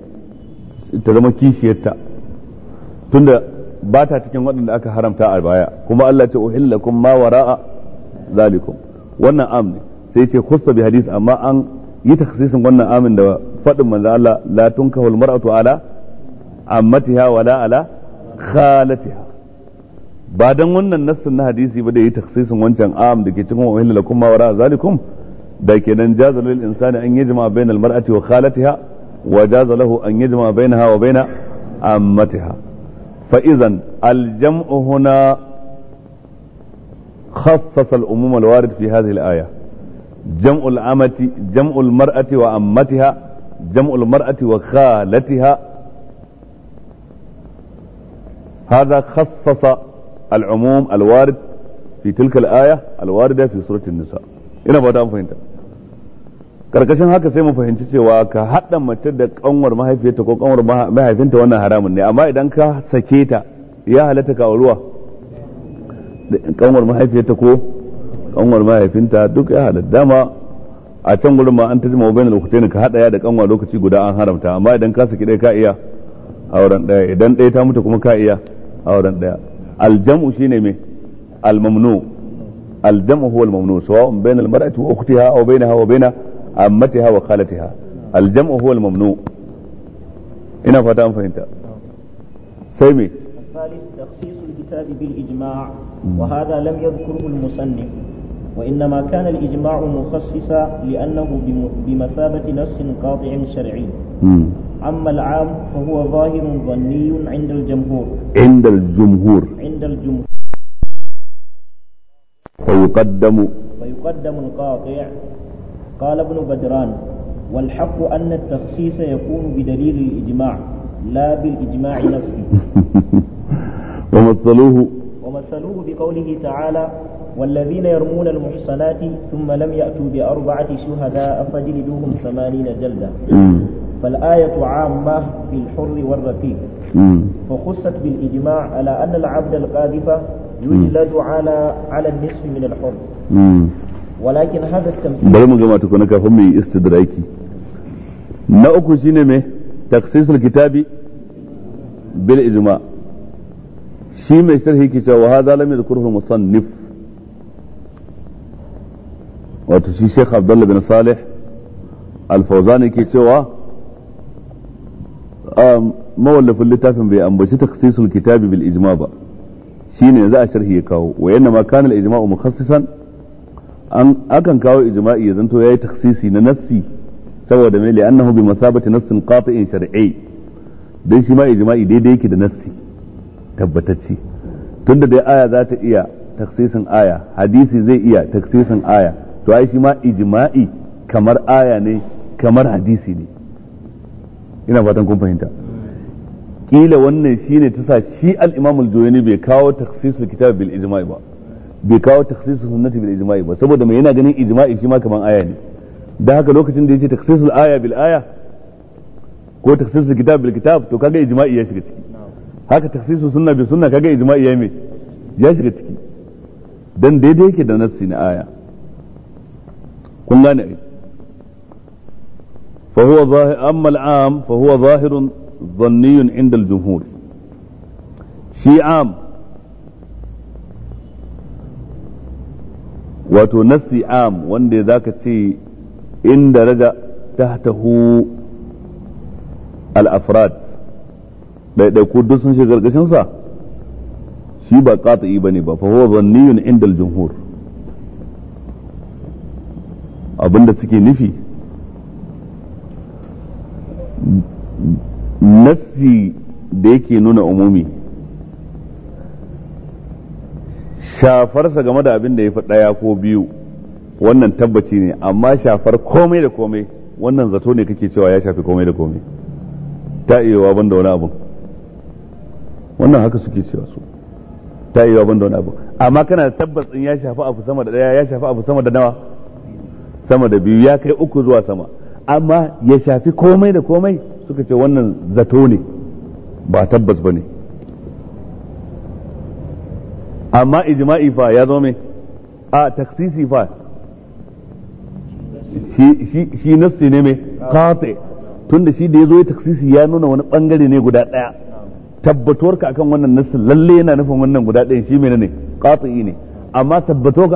ta zama kishiyarta tunda ba ta cikin waɗanda aka haramta a baya kuma Allah ce uhillakum ma wara'a zalikum wannan am ne sai ce khussa bi hadis amma an yi takhsisin wannan amin da faɗin manzo Allah la tunkahul mar'atu ala ammatiha wala ala khalatiha ba dan wannan nassin na hadisi ba da yi taksisin wancan am da ke cikin wa lakum ma wara zalikum da kenan jaza lil insani an yajma bainal mar'ati wa khalatiha wa jaza lahu an yajma bainaha wa baina ammatiha fa idan al jam'u huna khassasa al umum al warid fi hadhihi al aya jam'u al amati jam'u al mar'ati wa ammatiha jam'u al mar'ati wa khalatiha هذا خصص العموم الوارد في تلك الآية الواردة في سورة النساء ina ba ta karkashin haka sai mu fahimci cewa ka haɗa mace da kanwar mahaifiyarta ko kanwar mahaifinta wannan haramun ne amma idan ka sake ta ya halatta ka ruwa kanwar mahaifiyarta ko kanwar mahaifinta duk ya dama a can gurin ma an ta jima bayan lokutai ka haɗa da kanwa lokaci guda an haramta amma idan ka saki ɗaya ka iya auren ɗaya idan ɗaya mutu kuma ka iya auren daya aljam'u shine me almamnu aljam'u huwa almamnu sawa'un bayna almar'ati wa ukhtiha aw bainaha wa baina ammatiha wa khalatiha aljam'u huwa almamnu ina fata an fahimta sai me الثالث تخصيص الكتاب بالإجماع وهذا لم يذكره المصنف وإنما كان الإجماع مخصصا لأنه بمثابة نص قاطع شرعي أما العام فهو ظاهر ظني عند الجمهور عند الجمهور عند الجمهور فيقدم فيقدم القاطع قال ابن بدران والحق أن التخصيص يكون بدليل الإجماع لا بالإجماع نفسه ومثلوه ومثلوه بقوله تعالى والذين يرمون المحصنات ثم لم يأتوا بأربعة شهداء فجلدوهم ثمانين جلدة فالآية عامة في الحر والرقيق فخصت بالإجماع على أن العبد القاذف يجلد على على النصف من الحر ولكن هذا التمثيل بل من جماعة تكون كفهم استدراكي نأكو شيني تخصيص الكتاب بالإجماع شيء ما يشتريه كتاب وهذا لم يذكره المصنف wato shi Sheikh Abdullah bin Salih al ke yake cewa um, mawallafin littafin bai ambaci takhsisul kitabi bil ijma ba shine yanzu a sharhi ya kawo wa yanna ma kana al ijma'u mukhassisan an akan kawo ijma'i ya zanto yayi takhsisi na nassi saboda mai li'annahu bi masabati nassin qati'in shar'i dan shi ma ijma'i daidai yake da nassi tabbatacce tunda dai aya za ta iya taksisin aya hadisi zai iya taksisin aya to ai shi ma ijma'i kamar aya ne kamar hadisi ne ina fatan kun fahimta kila wannan shine ta sa shi al-Imam al-Juwayni bai kawo takhsisul kitab bil ijma'i ba bai kawo takhsisul sunnati bil ijma'i ba saboda mai yana ganin ijma'i shi ma kamar aya ne da haka lokacin da yace takhsisul aya bil aya ko takhsisul kitab bil kitab to kaga ijma'i ya shiga ciki haka takhsisul sunna bi sunna kaga ijma'i ya me ya shiga ciki dan daidai yake da nassi na aya kun gane ai zahir amma al'am fa huwa zahirun dhanniyun inda al-jumhur shi am wato nassi am wanda zaka ce inda raja tahtahu al-afrad ɗaiɗaiku duk sun shiga ƙarƙashinsa shi ba ƙata'i ba ne ba fa huwa zanniyun inda al-jumhur abinda suke nufi nassi da yake nuna umumi shafarsa game da abin da ya fi ɗaya ko biyu wannan tabbaci ne amma shafar komai da komai wannan zato ne kake cewa ya shafi komai da komai ta iya ban da wani abu wannan haka suke cewa su ta iya ban da wani abu amma kana tabbas ya shafi abu sama da ɗaya ya shafi abu sama da nawa sama da biyu ya kai uku zuwa sama amma ya shafi komai da komai suka ce wannan zato ne ba tabbas ba ne amma ijma'i fa ya zo mai a taksisi fa shi nassi ne mai kafe tunda shi da ya zo ya taksisi ya nuna wani bangare ne guda daya ka akan wannan nassi lalle yana nufin wannan guda ɗaya shi menene qati'i ne amma ka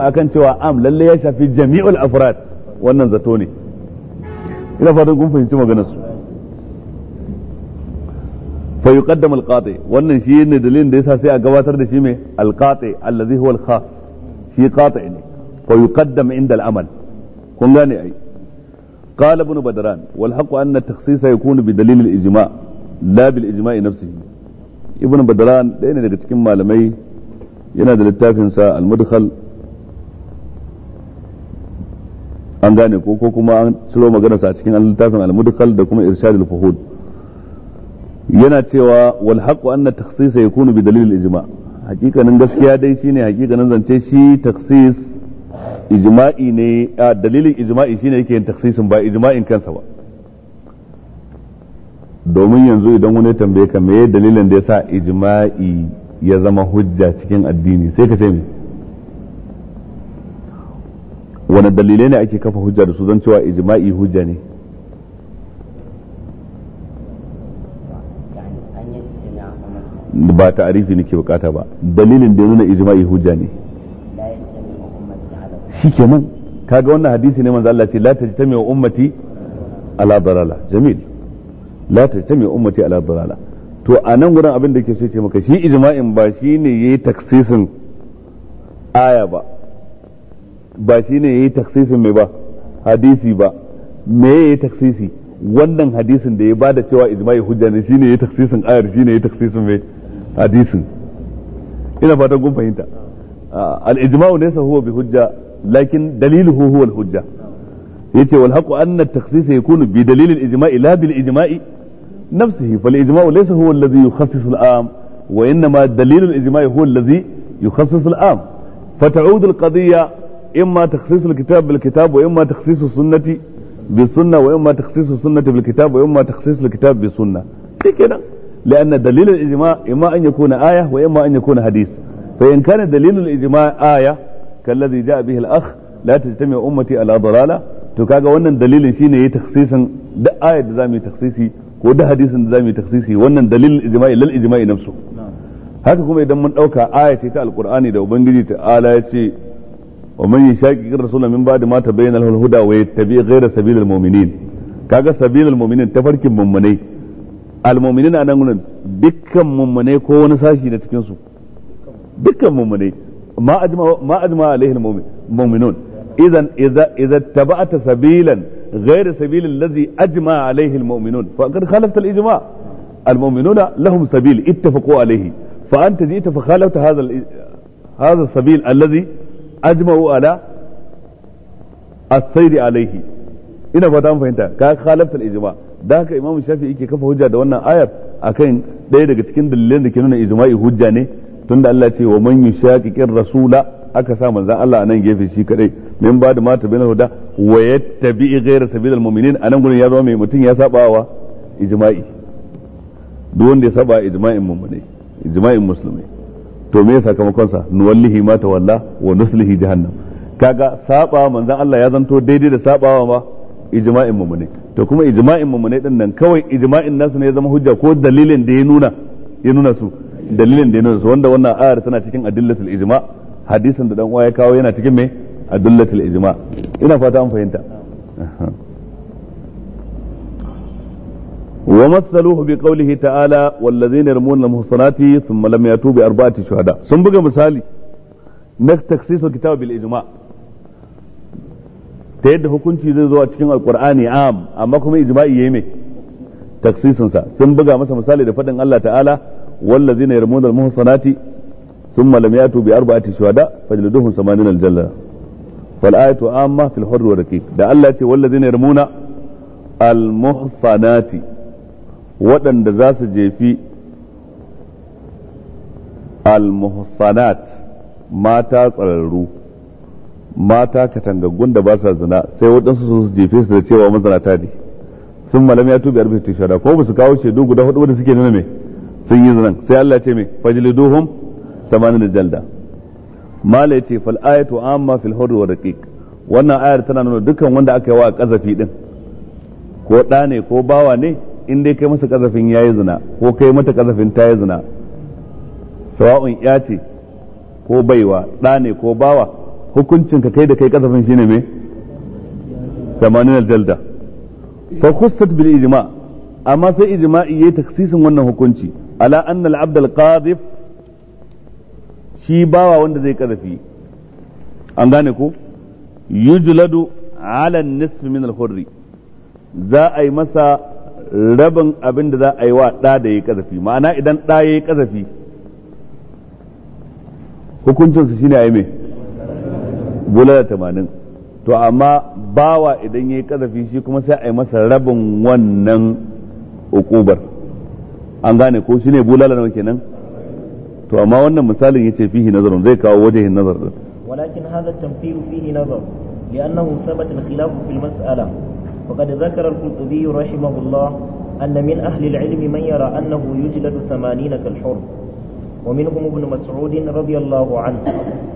akan cewa am lalle ya shafi jami'ul afrad wannan zato ne ina fatan kun fahimci maganar su fa yuqaddam alqati wannan shi ne dalilin da yasa sai a gabatar da shi mai alqati allazi huwa alkhas shi qati ne fa yuqaddam inda al'amal kun gane ai قال ابن بدران والحق أن التخصيص يكون بدليل الإجماع لا nafsihi نفسه ابن بدران لأن daga cikin malamai yana da littafinsa al-mudkhal an gane ko ko kuma an ciro maganar sa cikin littafin al-mudkhal da kuma al fuhud yana cewa wal haqqu anna takhsis yakunu bi dalil al-ijma hakikanin gaskiya dai shine hakikanin zance shi takhsis ijma'i ne a dalilin ijma'i shine yake yin takhsisin ba ijma'in kansa ba domin yanzu idan wani tambaye ka me dalilin da yasa ijma'i ya zama hujja cikin addini sai ka ce me wani dalilai ne ake kafa hujja da su zan cewa ijma'i hujja ne ba ta'arifi nake bukata ba dalilin da nuna ijma'i hujja ne shi ke shikenan kaga wannan hadisi ne manzo Allah ce la tajtami ummati ala dalala jamil la tajtami ummati ala dalala to a nan gurin abin da ke so ce maka shi ijma'in ba shi ne yayi taksisin aya ba ba shine yi taksisin mai ba hadisi ba me ya yi taksisi wannan hadisin da ya bada cewa ijma'i hujja ne shine yi taksisin ayar shine yi taksisin mai hadisin ina fatan kun fahimta al ijma'u laysa huwa bi hujja lakin daliluhu huwa al hujja yace wal haqu anna at taksisa yakunu bi dalil al ijma'i la bil ijma'i نفسه فالإجماع wa هو الذي يخصص العام وإنما دليل الإجماع هو الذي fa العام فتعود القضية إما تخصيص الكتاب بالكتاب وإما تخصيص السنة بالسنة وإما تخصيص السنة بالكتاب وإما تخصيص الكتاب بالسنة كده لأن دليل الإجماع إما أن يكون آية وإما أن يكون حديث فإن كان دليل الإجماع آية كالذي جاء به الأخ لا تجتمع أمتي على ضلالة to kaga دليل شين shine yayi taksisin da ayar da zamu yi taksisi ko da hadisin da zamu نفسه taksisi wannan dalilin ijma'i lal ijma'i nafsu haka kuma idan mun dauka aya ta alqur'ani da ubangiji ta'ala ya ومن يشاكك الرسول من بعد ما تبين له الهدى ويتبع غير سبيل المؤمنين kaga sabilul mu'minin tafarkin mummunai almu'minin a nan gurin dukkan mummunai ko wani sashi na cikin dukkan mummunai ma ajma ma ajma alaihi almu'minun idan غير سبيل الذي أجمع عليه المؤمنون فقد خالفت الإجماع المؤمنون لهم سبيل اتفقوا عليه فأنت جئت فخالفت هذا هذا السبيل الذي ajma'u ala as-sayri alaihi ina fata mun fahimta ka khalafta al-ijma da haka imamu shafi'i ke kafa hujja da wannan ayar akan ɗaya daga cikin dalilan da ke nuna ijma'i hujja ne tunda Allah ce wa man yushaqiqir rasula aka sa manzon Allah anan gefe shi kadai min ba da mata bin huda wa yattabi ghayra sabilil mu'minin anan gurin ya zama mai mutum ya sabawa ijma'i duk wanda ya saba ijma'in mu'mini ijma'in musulmi to me sakamakon sa nuwallihi ma tawalla wa nuslihi jahannam kaga saba manzon Allah ya zanto daidai da sabawa ma ijma'in mumune to kuma ijma'in mumune din nan kawai ijma'in nasu ne ya zama hujja ko dalilin da ya nuna ya nuna su dalilin da ya nuna su wanda wannan ayar tana cikin adillatul ijma hadisin da dan uwa ya kawo yana cikin me adillatul ijma ina fata an fahimta ومثلوه بقوله تعالى والذين يرمون المحصنات ثم لم يأتوا بأربعة شهداء sun buga misali na taksisul kitab bil ijma ta yadda hukunci zai zo a cikin alqur'ani am amma kuma ijma'i yayi me taksisin sa sun buga masa misali da fadin Allah ta'ala والذين يرمون المحصنات ثم لم يأتوا بأربعة شهداء فجلدوهم ثمانين الجلة فالآية عامة في الحر والركيك ده الله والذين يرمون المحصنات waɗanda za su jefi al-muhsanat mata tsararru mata katangaggun da ba sa zina sai waɗansu su jefe su da cewa mazanata ne sun malam ya tubi arbi tishada ko ba su kawo shaidu guda hudu da suke nuna me sun yi zinan sai Allah ce me fajliduhum samanin da jalda mala yace ce fal ayatu amma fil hurri wa daqiq wannan ayar tana nuna dukkan wanda aka yi wa kazafi din ko ɗa ne ko bawa ne in dai kai masa kazafin yi zina ko kai mata kazafin ta yi zina sawa'un ya ce ko baiwa ɗa ne ko bawa hukuncin ka kai da kai kazafin shine me samanin aljalda fa khussat bil ijma amma sai ijma'i yayi taksisin wannan hukunci ala anna al-abd qadhif shi bawa wanda zai kazafi an gane ko yujladu ala nisf min al-hurri za a yi masa rabin abin da za a yi wa ɗa da ya kazafi ma'ana idan ɗa ya yi kazafi hukuncinsu shine a yi mai bulala tamanin to amma bawa idan ya yi kazafi shi kuma sai a yi masa rabin wannan hukubar an gane ko shine bulala nawa kenan to amma wannan misalin ya ce fihi nazarin zai kawo waje hin din walakin hadha tamthilu fihi nazar لأنه ثبت الخلاف في المسألة وقد ذكر القرطبي رحمه الله أن من أهل العلم من يرى أنه يجلد ثمانين كالحر ومنهم ابن مسعود رضي الله عنه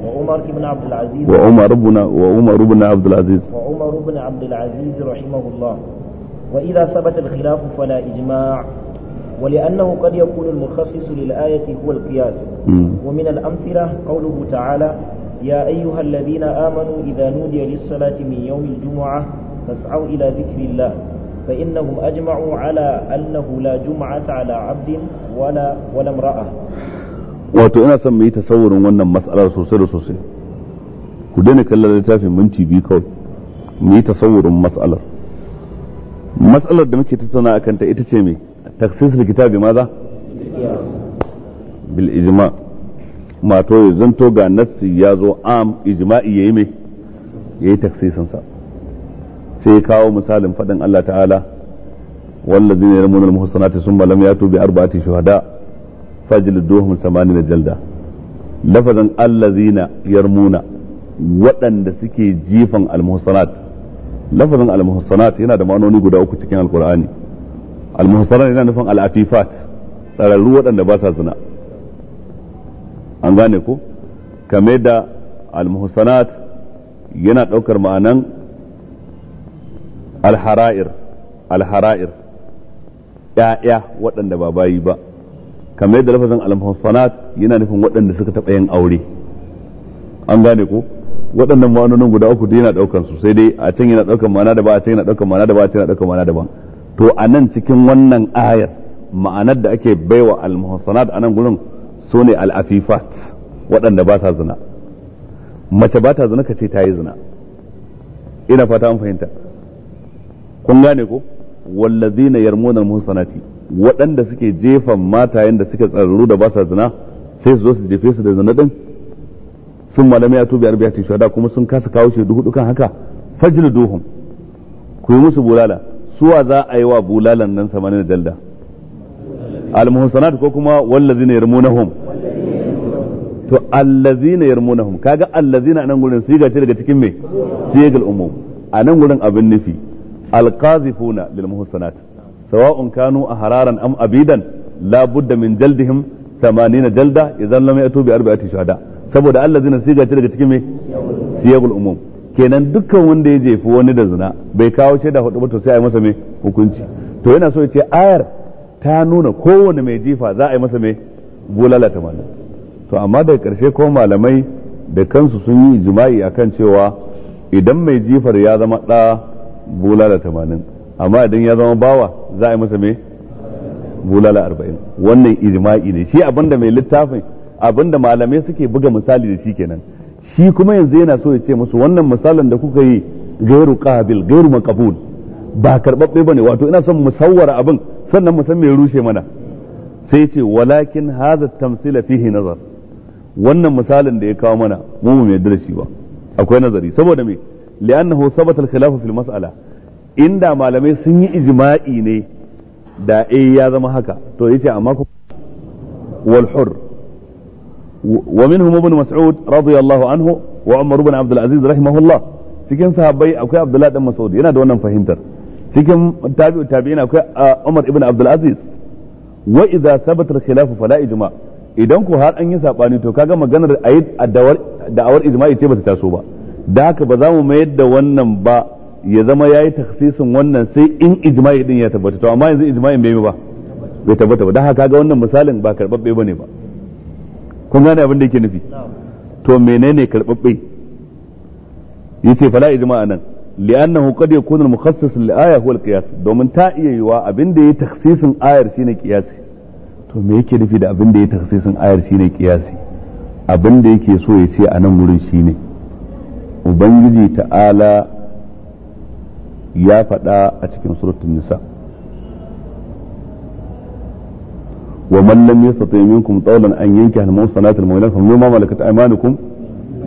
وعمر بن عبد العزيز وعمر بن وعمر بن عبد العزيز وعمر بن عبد العزيز رحمه الله وإذا ثبت الخلاف فلا إجماع ولأنه قد يكون المخصص للآية هو القياس ومن الأمثلة قوله تعالى يا أيها الذين آمنوا إذا نودي للصلاة من يوم الجمعة فاسعوا إلى ذكر الله فإنهم أجمعوا على أنه لا جمعة على عبد ولا ولا امرأة wato ina son mai yi tasawurin wannan matsalar sosai da sosai ku daina kallon littafin minti biyu kawai mu yi tasawurin matsalar matsalar da muke tattauna akan ta ita ce mai taksis kitabi maza bil ijma mato ya zanto ga nassi ya zo am ijma'i yayi mai yayi taksisin sa sai ya kawo misalin faɗin Allah ta'ala والذين يرمون المحصنات ثم لم يأتوا بأربعة شهداء فاجلدوهم ثمانين جلدة لفظا الذين yarmuna waɗanda suke jifan almuhsanat lafazin almuhsanat yana da ma'anoni guda uku cikin alkur'ani almuhsanat yana nufin al'afifat tsararru waɗanda ba sa zina an gane ko kame da almuhsanat yana ɗaukar ma'anan alhara'ir alhara'ir ya'ya waɗanda ba bayi ba kamar yadda lafazin almuhsanat yana nufin waɗanda suka taɓa yin aure an gane ko waɗannan ma'anonin guda uku da yana ɗaukan su sai dai a can yana ɗaukan ma'ana da ba a can yana ɗaukan ma'ana da ba a can yana ɗaukan ma'ana da ba to a nan cikin wannan ayar ma'anar da ake baiwa almuhsanat a nan gurin su ne al'afifat waɗanda ba sa zina mace ba ta zina ka ce ta yi zina ina fata an fahimta kun gane ko wallazina yarmuna muhsanati waɗanda suke jefa matayen da suke tsararru da ba sa zina sai su zo su jefe su da zina din sun malamai ya tubi arbiyati shada kuma sun kasa kawo shi duhu dukan haka duhum ku yi musu bulala suwa za a yi wa bulalan nan na jalda muhsanat ko kuma wallazina yarmunahum to allazina yarmunahum kaga allazina nan gurin siga ce daga cikin me sigal umum a nan gurin abin nufi القاذفون lil سواء sawa'un kanu ahraran am abidan بد من min jaldihim 80 jalda idan lam yatu bi arba'ati shuhada saboda Allah siga ta daga cikin me siyagul umum kenan dukkan wanda ya jefi wani da zina bai kawo shaida hudu ba to sai a yi masa me hukunci to yana so ya ce ayar ta nuna kowane mai jifa za a yi masa me bulala tamanin to amma daga karshe ko malamai da kansu sun yi jima'i akan cewa idan mai jifar ya zama ɗa Bula da tamanin amma idan ya zama bawa za a yi masa mai bulala arba'in wannan ijma'i ne shi abinda mai littafin abinda malamai suke buga misali da shi kenan shi kuma yanzu yana so ya ce musu wannan misalin da kuka yi gairu kabil gairu makabul ba karbabbe ne wato ina son musawwara abin sannan mu san me rushe mana sai ce walakin hadha tamsila fihi nazar wannan misalin da ya kawo mana mu mu yarda da ba akwai nazari saboda me li'annahu sabata al mas'ala inda malamai sun yi ijma'i ne da eh ya zama haka to yace amma ku wal hur wa radiyallahu anhu wa umar ibn abdul aziz rahimahullah cikin sahabbai akwai abdullahi dan mas'ud yana da wannan fahimtar cikin tabi'u tabi'in akwai umar ibn wa idza idan ku har an yi saɓani to kaga maganar ayi da'awar ijma'i ce ta taso ba da haka ba za mu mayar da wannan ba ya zama ya yi taksisin wannan sai in ijma'i din ya tabbata to amma yanzu ijma'in bai ba bai tabbata ba don haka ga wannan misalin ba karɓaɓɓe ba ne ba kun gane abin da yake nufi to menene karɓaɓɓe ce fala ijma'a nan li'annahu qad yakunu al-mukhassis li'aya huwa al-qiyas domin ta iya yiwa abin da yayi taksisin ayar shine qiyasi to me yake nufi da abin da yayi taksisin ayar shine qiyasi abin da yake so ya ce a nan wurin shine ubangiji ta'ala ya faɗa a cikin suratun nisa wa man lam yastati minkum tawlan an yankaha al-muhsanat al-mu'minat mimma malakat aymanukum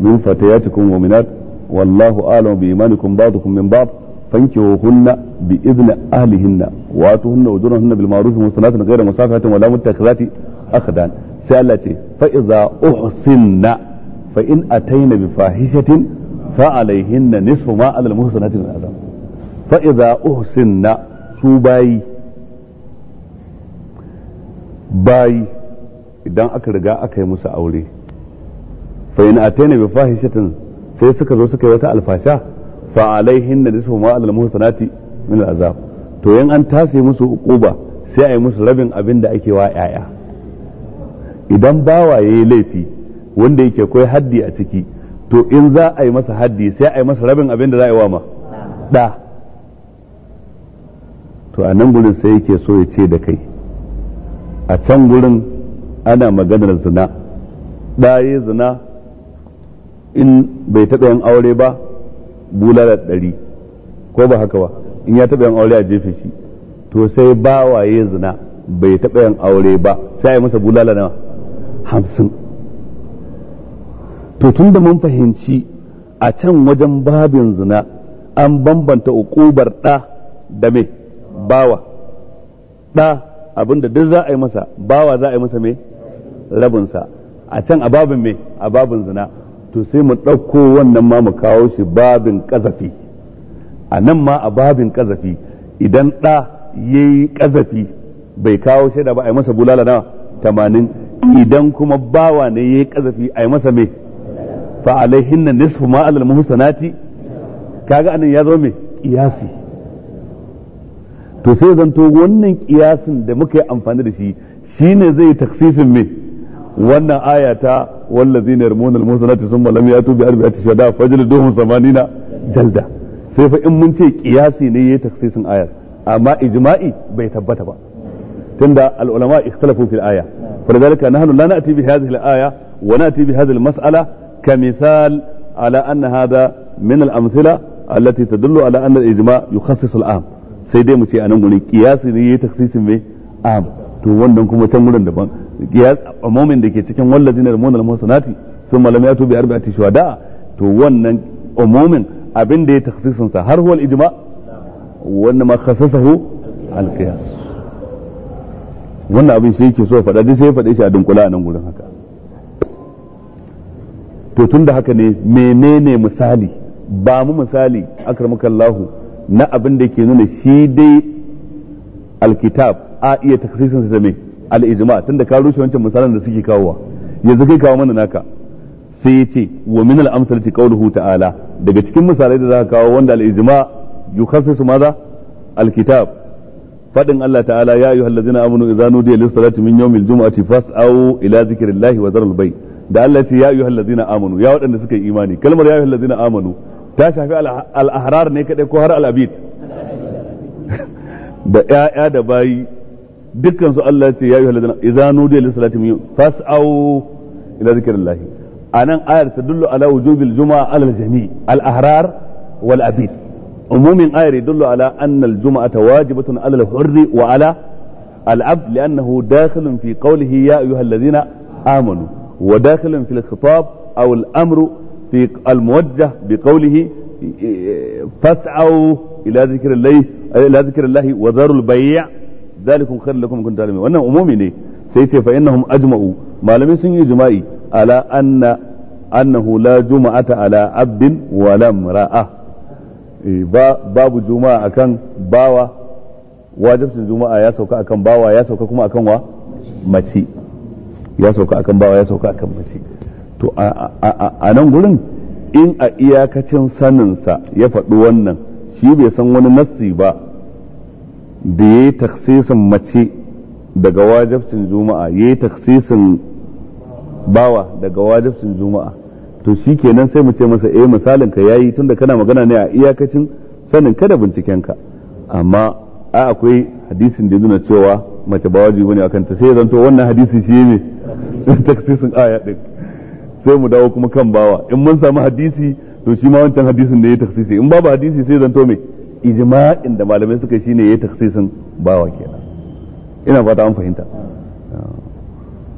min fatayatikum wa minat wallahu a'lamu bi imanikum ba'dukum min ba'd fankihuhunna bi idni ahlihinna wa atuhunna ujurahunna bil ma'ruf muhsanatin ghayra musafihatin wa la muttakhidati akhdan sai Allah ce fa idza uhsinna fa in atayna bi fahishatin فعليهن نصف ما على المحصنات من العذاب فإذا أحسن su bayi idan aka riga aka yi musu aure fa in ataina bi fahishatin sai suka zo suka yi wata alfasha fa alaihinna nisfu ma al muhsanati min al azab to in an tasi musu uquba sai a yi musu rabin abin da ake wa yaya idan bawa yayi laifi wanda yake koyi haddi a ciki to in za a yi masa haddi sai a yi masa rabin abin da za a yi wa ma da to a nan gurin sai yake so ya ce da kai a can gurin ana maganar zina yi zina in bai taɓa yin aure ba bulala ɗari ko ba haka ba in ya taɓa yin aure a jefe shi to sai bawaye zina bai taɓa yin aure ba sai a yi masa bulala na hamsin to tun da mun fahimci a can wajen babin zina an bambanta ukubar ɗa da me bawa ɗa abinda duk za a yi masa bawa za a yi masa me rabinsa a can a babin me a babin zina to sai mu ɗauko wannan ma mu kawo shi babin ƙazafi a nan ma a babin ƙazafi idan ɗa ya yi ƙazafi bai kawo shaida ba a yi masa bulala na tamanin idan kuma bawa ne ya yi ƙazafi a yi masa me fa alaihinna nisfu ma alal muhsanati kaga anan ya zama mai kiyasi to sai zanto wannan kiyasin da muka yi amfani da shi shine zai taksisin mai wannan aya ta wallazina yarmuna almuhsanati thumma lam yatu bi arba'ati shuhada fajliduhum samanina jalda sai fa in mun ce kiyasi ne yayi taksisin ayar amma ijma'i bai tabbata ba tunda al-ulama ikhtalafu fil aya فلذلك نحن لا نأتي بهذه الآية ونأتي بهذه mas'ala. كمثال على أن هذا من الأمثلة التي تدل على أن الإجماع يخصص العام سيدي متي أنا أقول قياس ني تخصيص من عام كما عموم هل هو الإجماع خصصه القياس wannan abin shi yake so faɗa sai faɗe shi a dunkula a nan gurin haka to tun da haka ne menene misali ba mu misali akramakallahu na abin da ke nuna shi dai alkitab a iya su da me al'ijima tun da ka rushe wancan misalin da suke kawowa yanzu kai kawo mana naka sai ce wa min al-amsalati qawluhu ta'ala daga cikin misalai da za ka kawo wanda al-ijma su maza alkitab faɗin Allah ta'ala ya ayyuhallazina amanu idza nudiya lis-salati min yawmil jum'ati fas'au ila zikirillahi wa zarar bai da Allah ce ya ayyuhal ladzina amanu ya waɗanda suka yi imani kalmar ya ayyuhal ladzina amanu ta shafi al-ahrar ne kadai ko har al-abid da ƴaƴa da bayi dukkan su Allah ce ya ayyuhal ladzina idza nudiya lis salati min fas'au ila zikrillah anan ayar tadullu ala wujubil juma'a ala al-jami' al-ahrar wal abid umumin ayar yadullu ala anna al-jum'ata wajibatun ala al-hurri wa ala al-abd li'annahu dakhilun fi qawlihi ya ayyuhal ladzina amanu وداخل في الخطاب او الامر في الموجه بقوله فاسعوا الى ذكر الله الى ذكر الله وذروا البيع ذلك خير لكم ان كنتم تعلمون وانا عمومي ني سي فانهم اجمعوا ما لم يسن جمعي على ان انه لا جمعة على عبد ولا امراه إيه، باب جمعة كان باوا واجب جمعة يا سوكا كان باوا يا سوكا كما كان وا مشي ya sauka akan bawa ya sauka akan mace to a nan gurin in a iyakacin saninsa ya faɗi wannan shi bai san wani nassi ba da ya yi taksisin mace daga wajabcin juma'a ya yi taksisin bawa daga wajabcin juma'a to shi kenan sai mu ce masa eh misalin ka yayi tunda kana magana ne a iyakacin sanin ka da bincikenka amma a akwai hadisin da nuna cewa mace ba wajibi bane akan ta sai zanto wannan hadisi shi ne taksisin aya din sai mu dawo kuma kan bawa in mun samu hadisi to shi ma wancan hadisin da ya taksisi in babu hadisi sai zanto me ijma'in da malamai suka shi ne ya taksisin bawa kenan ina fata an fahimta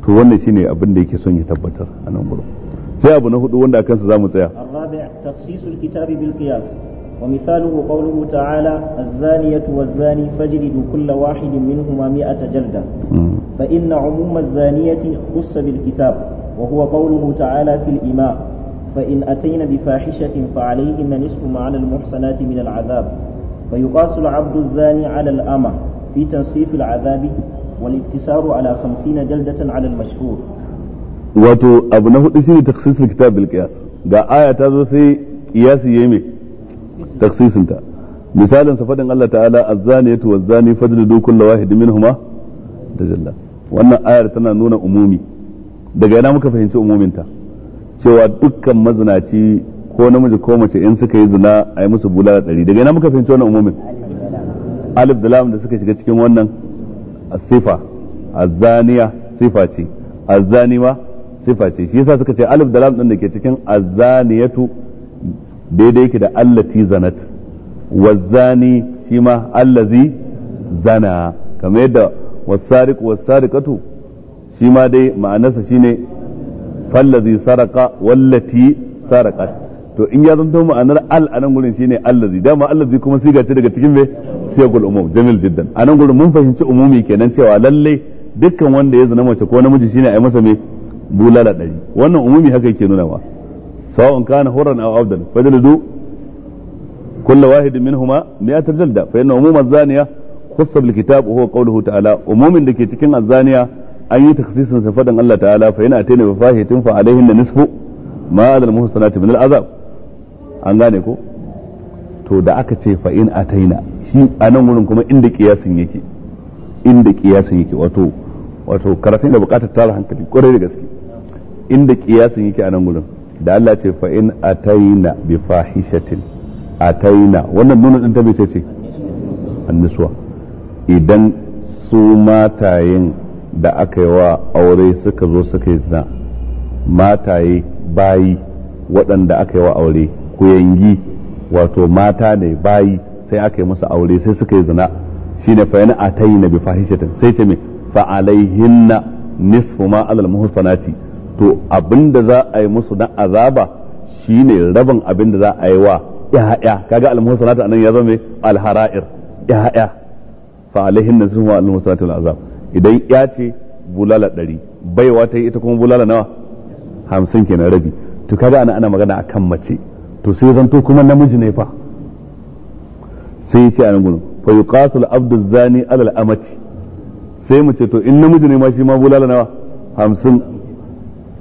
to wannan shine abin da yake son ya tabbatar a nan gurin sai abu na hudu wanda akansa zamu tsaya الرابع تخصيص الكتاب بالقياس ومثاله قوله تعالى الزانية والزاني فاجلدوا كل واحد منهما مئة جلدة فإن عموم الزانية خص بالكتاب وهو قوله تعالى في الإماء فإن أتينا بفاحشة فعليهن نصف ما على المحصنات من العذاب فيقاس العبد الزاني على الأمة في تنصيف العذاب والاقتصار على خمسين جلدة على المشهور وتو أبنه اسم تخصيص الكتاب بالقياس ده آية ta zo sai kiyasi taksisinta misalin sa fadin Allah ta'ala azzani yatu wazzani zani fajlidu kullu wahid minhuma tajalla wannan ayar tana nuna umumi daga ina muka fahimci umumin ta cewa dukkan mazinaci ko namiji ko mace in suka yi zina a yi musu bulala ɗari daga ina muka fahimci wannan umumin alif da lam da suka shiga cikin wannan sifa azzaniya sifa ce azzani ma sifa ce shi yasa suka ce alif da lam din da ke cikin azzaniyatu. daidai yake da allati zanat wazzani shi ma allazi zana kamar yadda wasariq wasariqatu shi ma dai ma'anarsa shine fallazi saraka wallati saraka to in ya zanto ma'anar al anan gurin shine allazi dama allazi kuma siga ce daga cikin me sigul umum jamil jiddan anan gurin mun fahimci umumi kenan cewa lalle dukkan wanda ya zana mace ko namiji shine yi masa me bulala dari wannan umumi haka yake nuna wa سواء كان حرا او عبدا فجلدوا كل واحد منهما 100 جلده فان عموم الزانيه خص بالكتاب وهو قوله تعالى عموم دكي cikin الزانيه an yi takhsisin sa fadan Allah ta'ala fa yana tayna bifahitin fa alaihin nisfu ma al muhsanati min azab an gane ko to da aka ce fa in ataina shi a nan wurin kuma inda kiyasin yake inda kiyasin yake wato wato karatun da bukatar tara hankali kwarai da gaske inda kiyasin yake a nan wurin da Allah ce fa in ataina bi fahishatin ataina wannan nuna din ta ce annisuwa idan su matayen da aka yi wa aure suka zo suka yi zina mataye bayi waɗanda aka yi wa aure kuyangi wato mata ne bayi sai aka yi musu aure sai suka yi zina shi shine fa yana ataina bi fahishatin sai ce me fa alaihinna nisfu ma alal to abin da za a yi musu na azaba shine rabin abin da za a yi wa ya'ya kaga al-muhsanatu anan ya zama alhara'ir ya'ya fa alaihin nasu wa al-muhsanatu al azaba idan ya ce bulala ɗari baiwa ta yi ita kuma bulala nawa hamsin kenan rabi to kaga ana ana magana akan mace to sai zanto kuma namiji ne fa sai ya ce a nan gudun fa yuqasul abdu zani alal amati sai mu ce to in namiji ne ma shi ma bulala nawa hamsin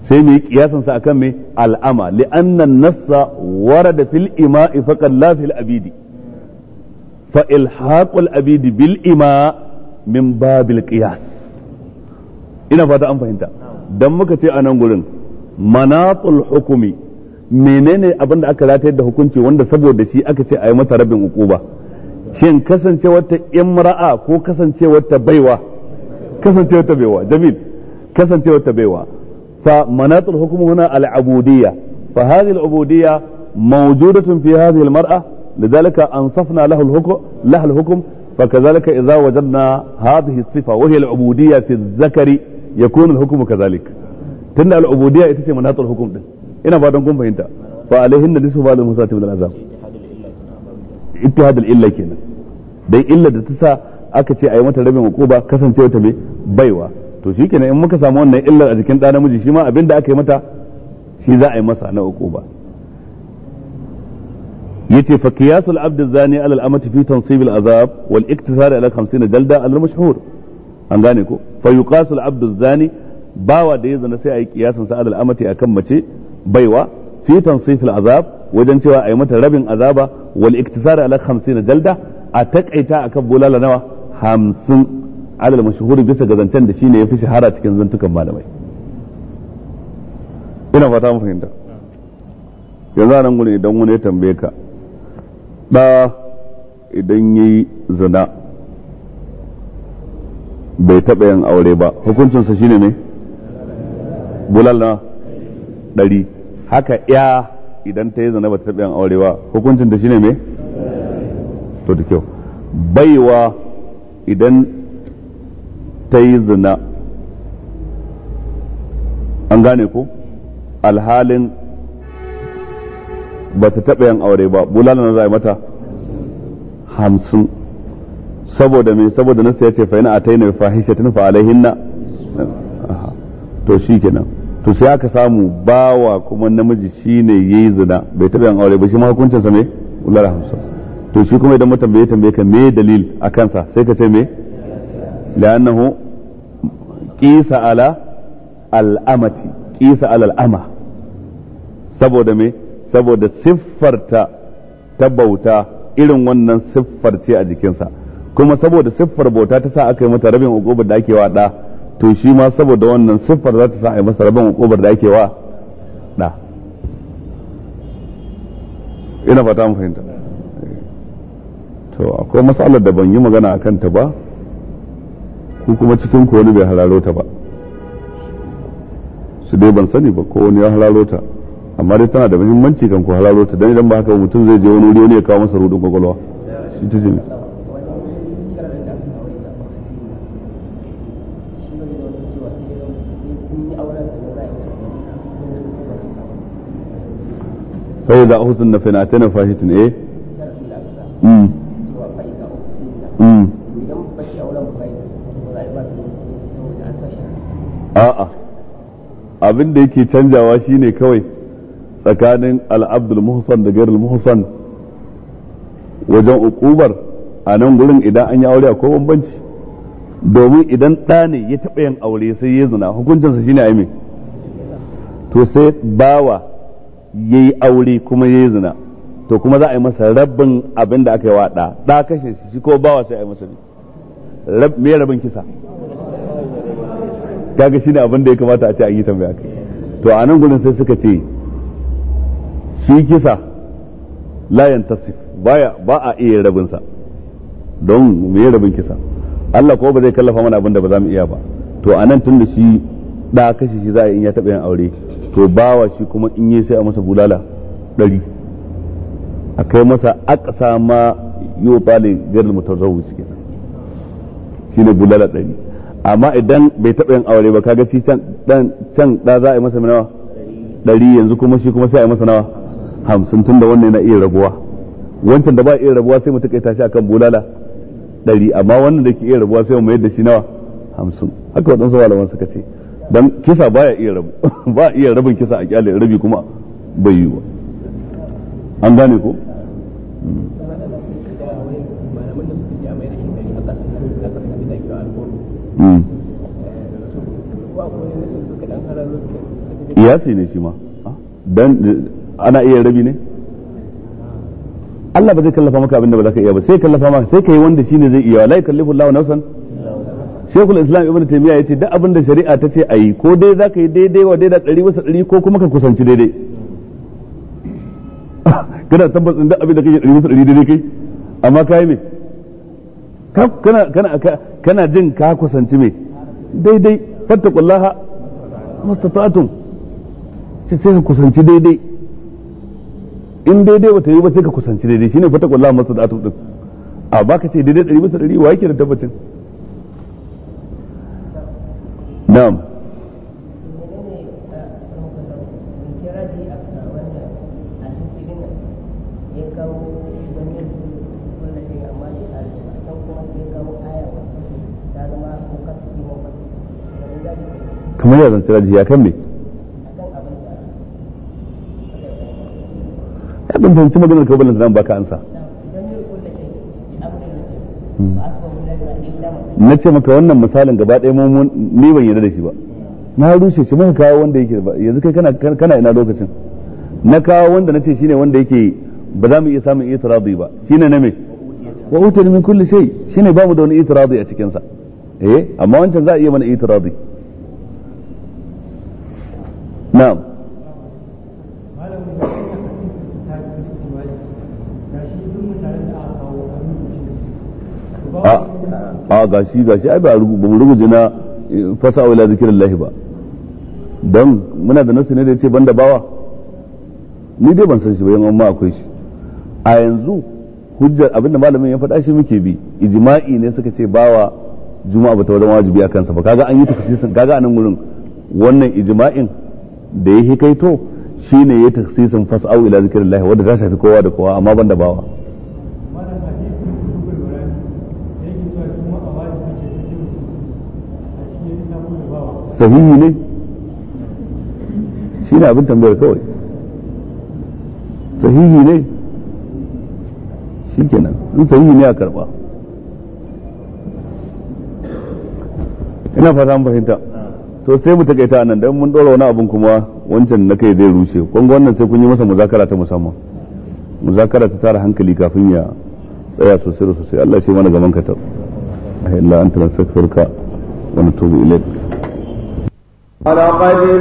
sai mu yi kiyasan sa akan me al'ama li'annan nassa warada fil ima faqad la fil abidi fa ilhaqul abidi bil ima min babil qiyas ina fata an fahimta dan muka ce a nan gurin manatul hukumi menene abinda aka ratayar da hukunci wanda saboda shi aka ce a yi mata rabin ukuba shin wata imra'a ko wata baiwa wata baiwa jamil wata baiwa فمناط الحكم هنا العبودية فهذه العبودية موجودة في هذه المرأة لذلك أنصفنا له الحكم له الحكم فكذلك إذا وجدنا هذه الصفة وهي العبودية في الذكر يكون الحكم كذلك تن العبودية إتسي مناط الحكم ده إنا بعدين كم فهمت فعليهن نصف على المسات من العذاب اتحاد الإلا كنا dai illa da ta sa aka ce a yi mata rabin hukuma kasancewa ta mai baiwa to shikenan in muka samu wannan illar a jikin ɗa namiji shi ma abin da aka yi mata shi za a yi masa na uku ba yace fa qiyasul abd zani ala al-amati fi tansib al-azab wal iktisar ala 50 jalda al-mashhur an gane ko fa yuqasul abd zani bawa da ya zana sai a yi kiyasan sa al-amati akan mace baiwa fi tansif al-azab wajen cewa a yi mata rabin azaba wal iktisar ala 50 jalda a takaita akan bulala nawa 50 alal mashahuri bisa ga zancen da shi ne ya fi shahara cikin zantukan malamai ina fata mu fahimta yanzu nan gurin idan wani ya tambaye ka da idan yi zina bai taɓa yin aure ba hukuncinsa shi ne bulal na ɗari haka ya idan ta yi zina ba ta taɓa yin aure ba hukuncinta ne ne to da kyau baiwa idan ta yi zina an gane ko alhalin ba ta taɓa yin aure ba bulala na zai mata hamsin saboda me saboda nasu ya ce faina yana a taina tun fa na? to shi kenan to sai aka samu bawa kuma namiji shi ne ya yi zina bai taɓa yin aure ba shi ma mai bulala hamsin to shi kuma idan mutum bai tambaye ka me dalil a kansa sai ka ce me لأنه قيس على الأمة قيس على الأمة saboda me saboda siffarta ta bauta irin wannan siffar ce a jikinsa kuma saboda siffar bauta ta sa aka yi mata rabin ukubar da ake wa to shi ma saboda wannan siffar za ta sa a yi masa rabin ukubar da ina fata mu fahimta to akwai matsalar da ban yi magana a ta ba ku kuma cikin ku wani bai halalo ta ba su dai ban sani ba ko wani ya halalo ta amma dai tana da muhimmanci kan ku halalo ta dan idan ba haka mutum zai je wani wuri wani ya kawo masa rudin kwakwalwa shi ta husun na fina فإن أتينا فاحشة eh? Hmm. a'a abin da yake canjawa shine kawai tsakanin al'abdul muhsan da gairul muhsan wajen ukubar a nan gurin idan an yi aure akwai bambanci domin idan ɗa ne ya taɓa yin aure sai ya zina hukuncinsa shine a to sai bawa ya yi aure kuma ya yi zina to kuma za a yi masa rabin abin da aka yi wa ɗa kashe shi ko bawa sai a yi masa ne me rabin kisa kaga shine abin da ya kamata a ce an yi tambaya kai to a nan gurin sai suka ce shi kisa la yantasif baya ba a iya rabin sa don me rabin kisa Allah ko ba zai kallafa mana abin da ba za mu iya ba to a nan tun da shi da kashi shi za a yi in ya taɓa yin aure to bawa shi kuma in yi sai a masa bulala ɗari a kai masa aƙasa ma yi wa ɓale garin mutazawus kenan shi ne bulala ɗari amma idan bai taɓa yin aure ba kaga shi can can da za a yi masa nawa ɗari yanzu kuma shi kuma sai a yi masa nawa hamsin tun da wannan yana iya rabuwa wancan da ba iya rabuwa sai mu taƙaita a akan bulala ɗari amma wannan da ke iya rabuwa sai mu yadda shi nawa hamsin haka waɗansu malaman suka ce dan kisa baya iya rabu ba iya rabin kisa a kyale rabi kuma bai yi ba an gane ko hmm. Hmm. sai ne shi ma ah, dan ana iya rabi ne Allah ba zai kallafa maka abin da ba za ka iya ba sai kallafa maka sai kai wanda shine zai iya la yukallifu Allahu nafsan Sheikhul Islam Ibn Taymiyyah yace duk abin da shari'a ta ce ayi ko dai za ka yi daidai wa daidai ɗari wasu ɗari ko kuma ka kusanci daidai kana tabbas duk abin da kake ɗari wasu ɗari daidai kai amma kai me kana kana kana jin ka kusanci me daidai fattaqullaha mastata'tum sai sai ka kusanci daidai in daidai wata yi ba sai ka kusanci daidai shine masta mastata'tum din a baka ce daidai 100 bisa 100 wa yake da tabbacin na'am yana zance rajihi kan me ya eh, ban fahimci maganar kawai balanta baka ansa hmm. na ce maka wannan misalin gaba ɗaya mun ni ban yarda da shi ba na rushe shi muka kawo wanda yake yanzu kai kana kana ina lokacin na kawo wanda na shi shine wanda yake ba za mu iya samun itiradi ba shine na me wa utani min kulli shay shine mu da wani itiradi a cikin sa eh amma wancan za a iya mana itiradi نعم a gashi gashi ai ba mu rubuce na eh, fasa wala zikirin lahi ba don muna da nasu ne da ya ce banda bawa ni dai ban san shi ba yan amma akwai shi a yanzu hujjar abinda malamin ya faɗa shi muke bi ijma'i ne suka ce bawa juma'a bata wajen wajibi a kansa ba kaga an yi takasisin kaga anan wurin wannan ijma'in da ya hikaito ne ya taksisin fas'au ila zikirin zikrillah wadda ta shafi kowa da kowa amma ban da bawa sahihi ne shi ne abin tambayar kawai sahihi ne shi kenan in sahihi ne a karba ina fata an fahimta to sai mu takaita nan dan mun dora wani abun kuma wancan na kai zai rushe kun wannan sai kun yi masa muzakara ta musamman muzakara ta tara hankali kafin ya tsaya sosai sosai Allah shi mana gaban katar ahilla anta nastaghfiruka wa natubu ilaik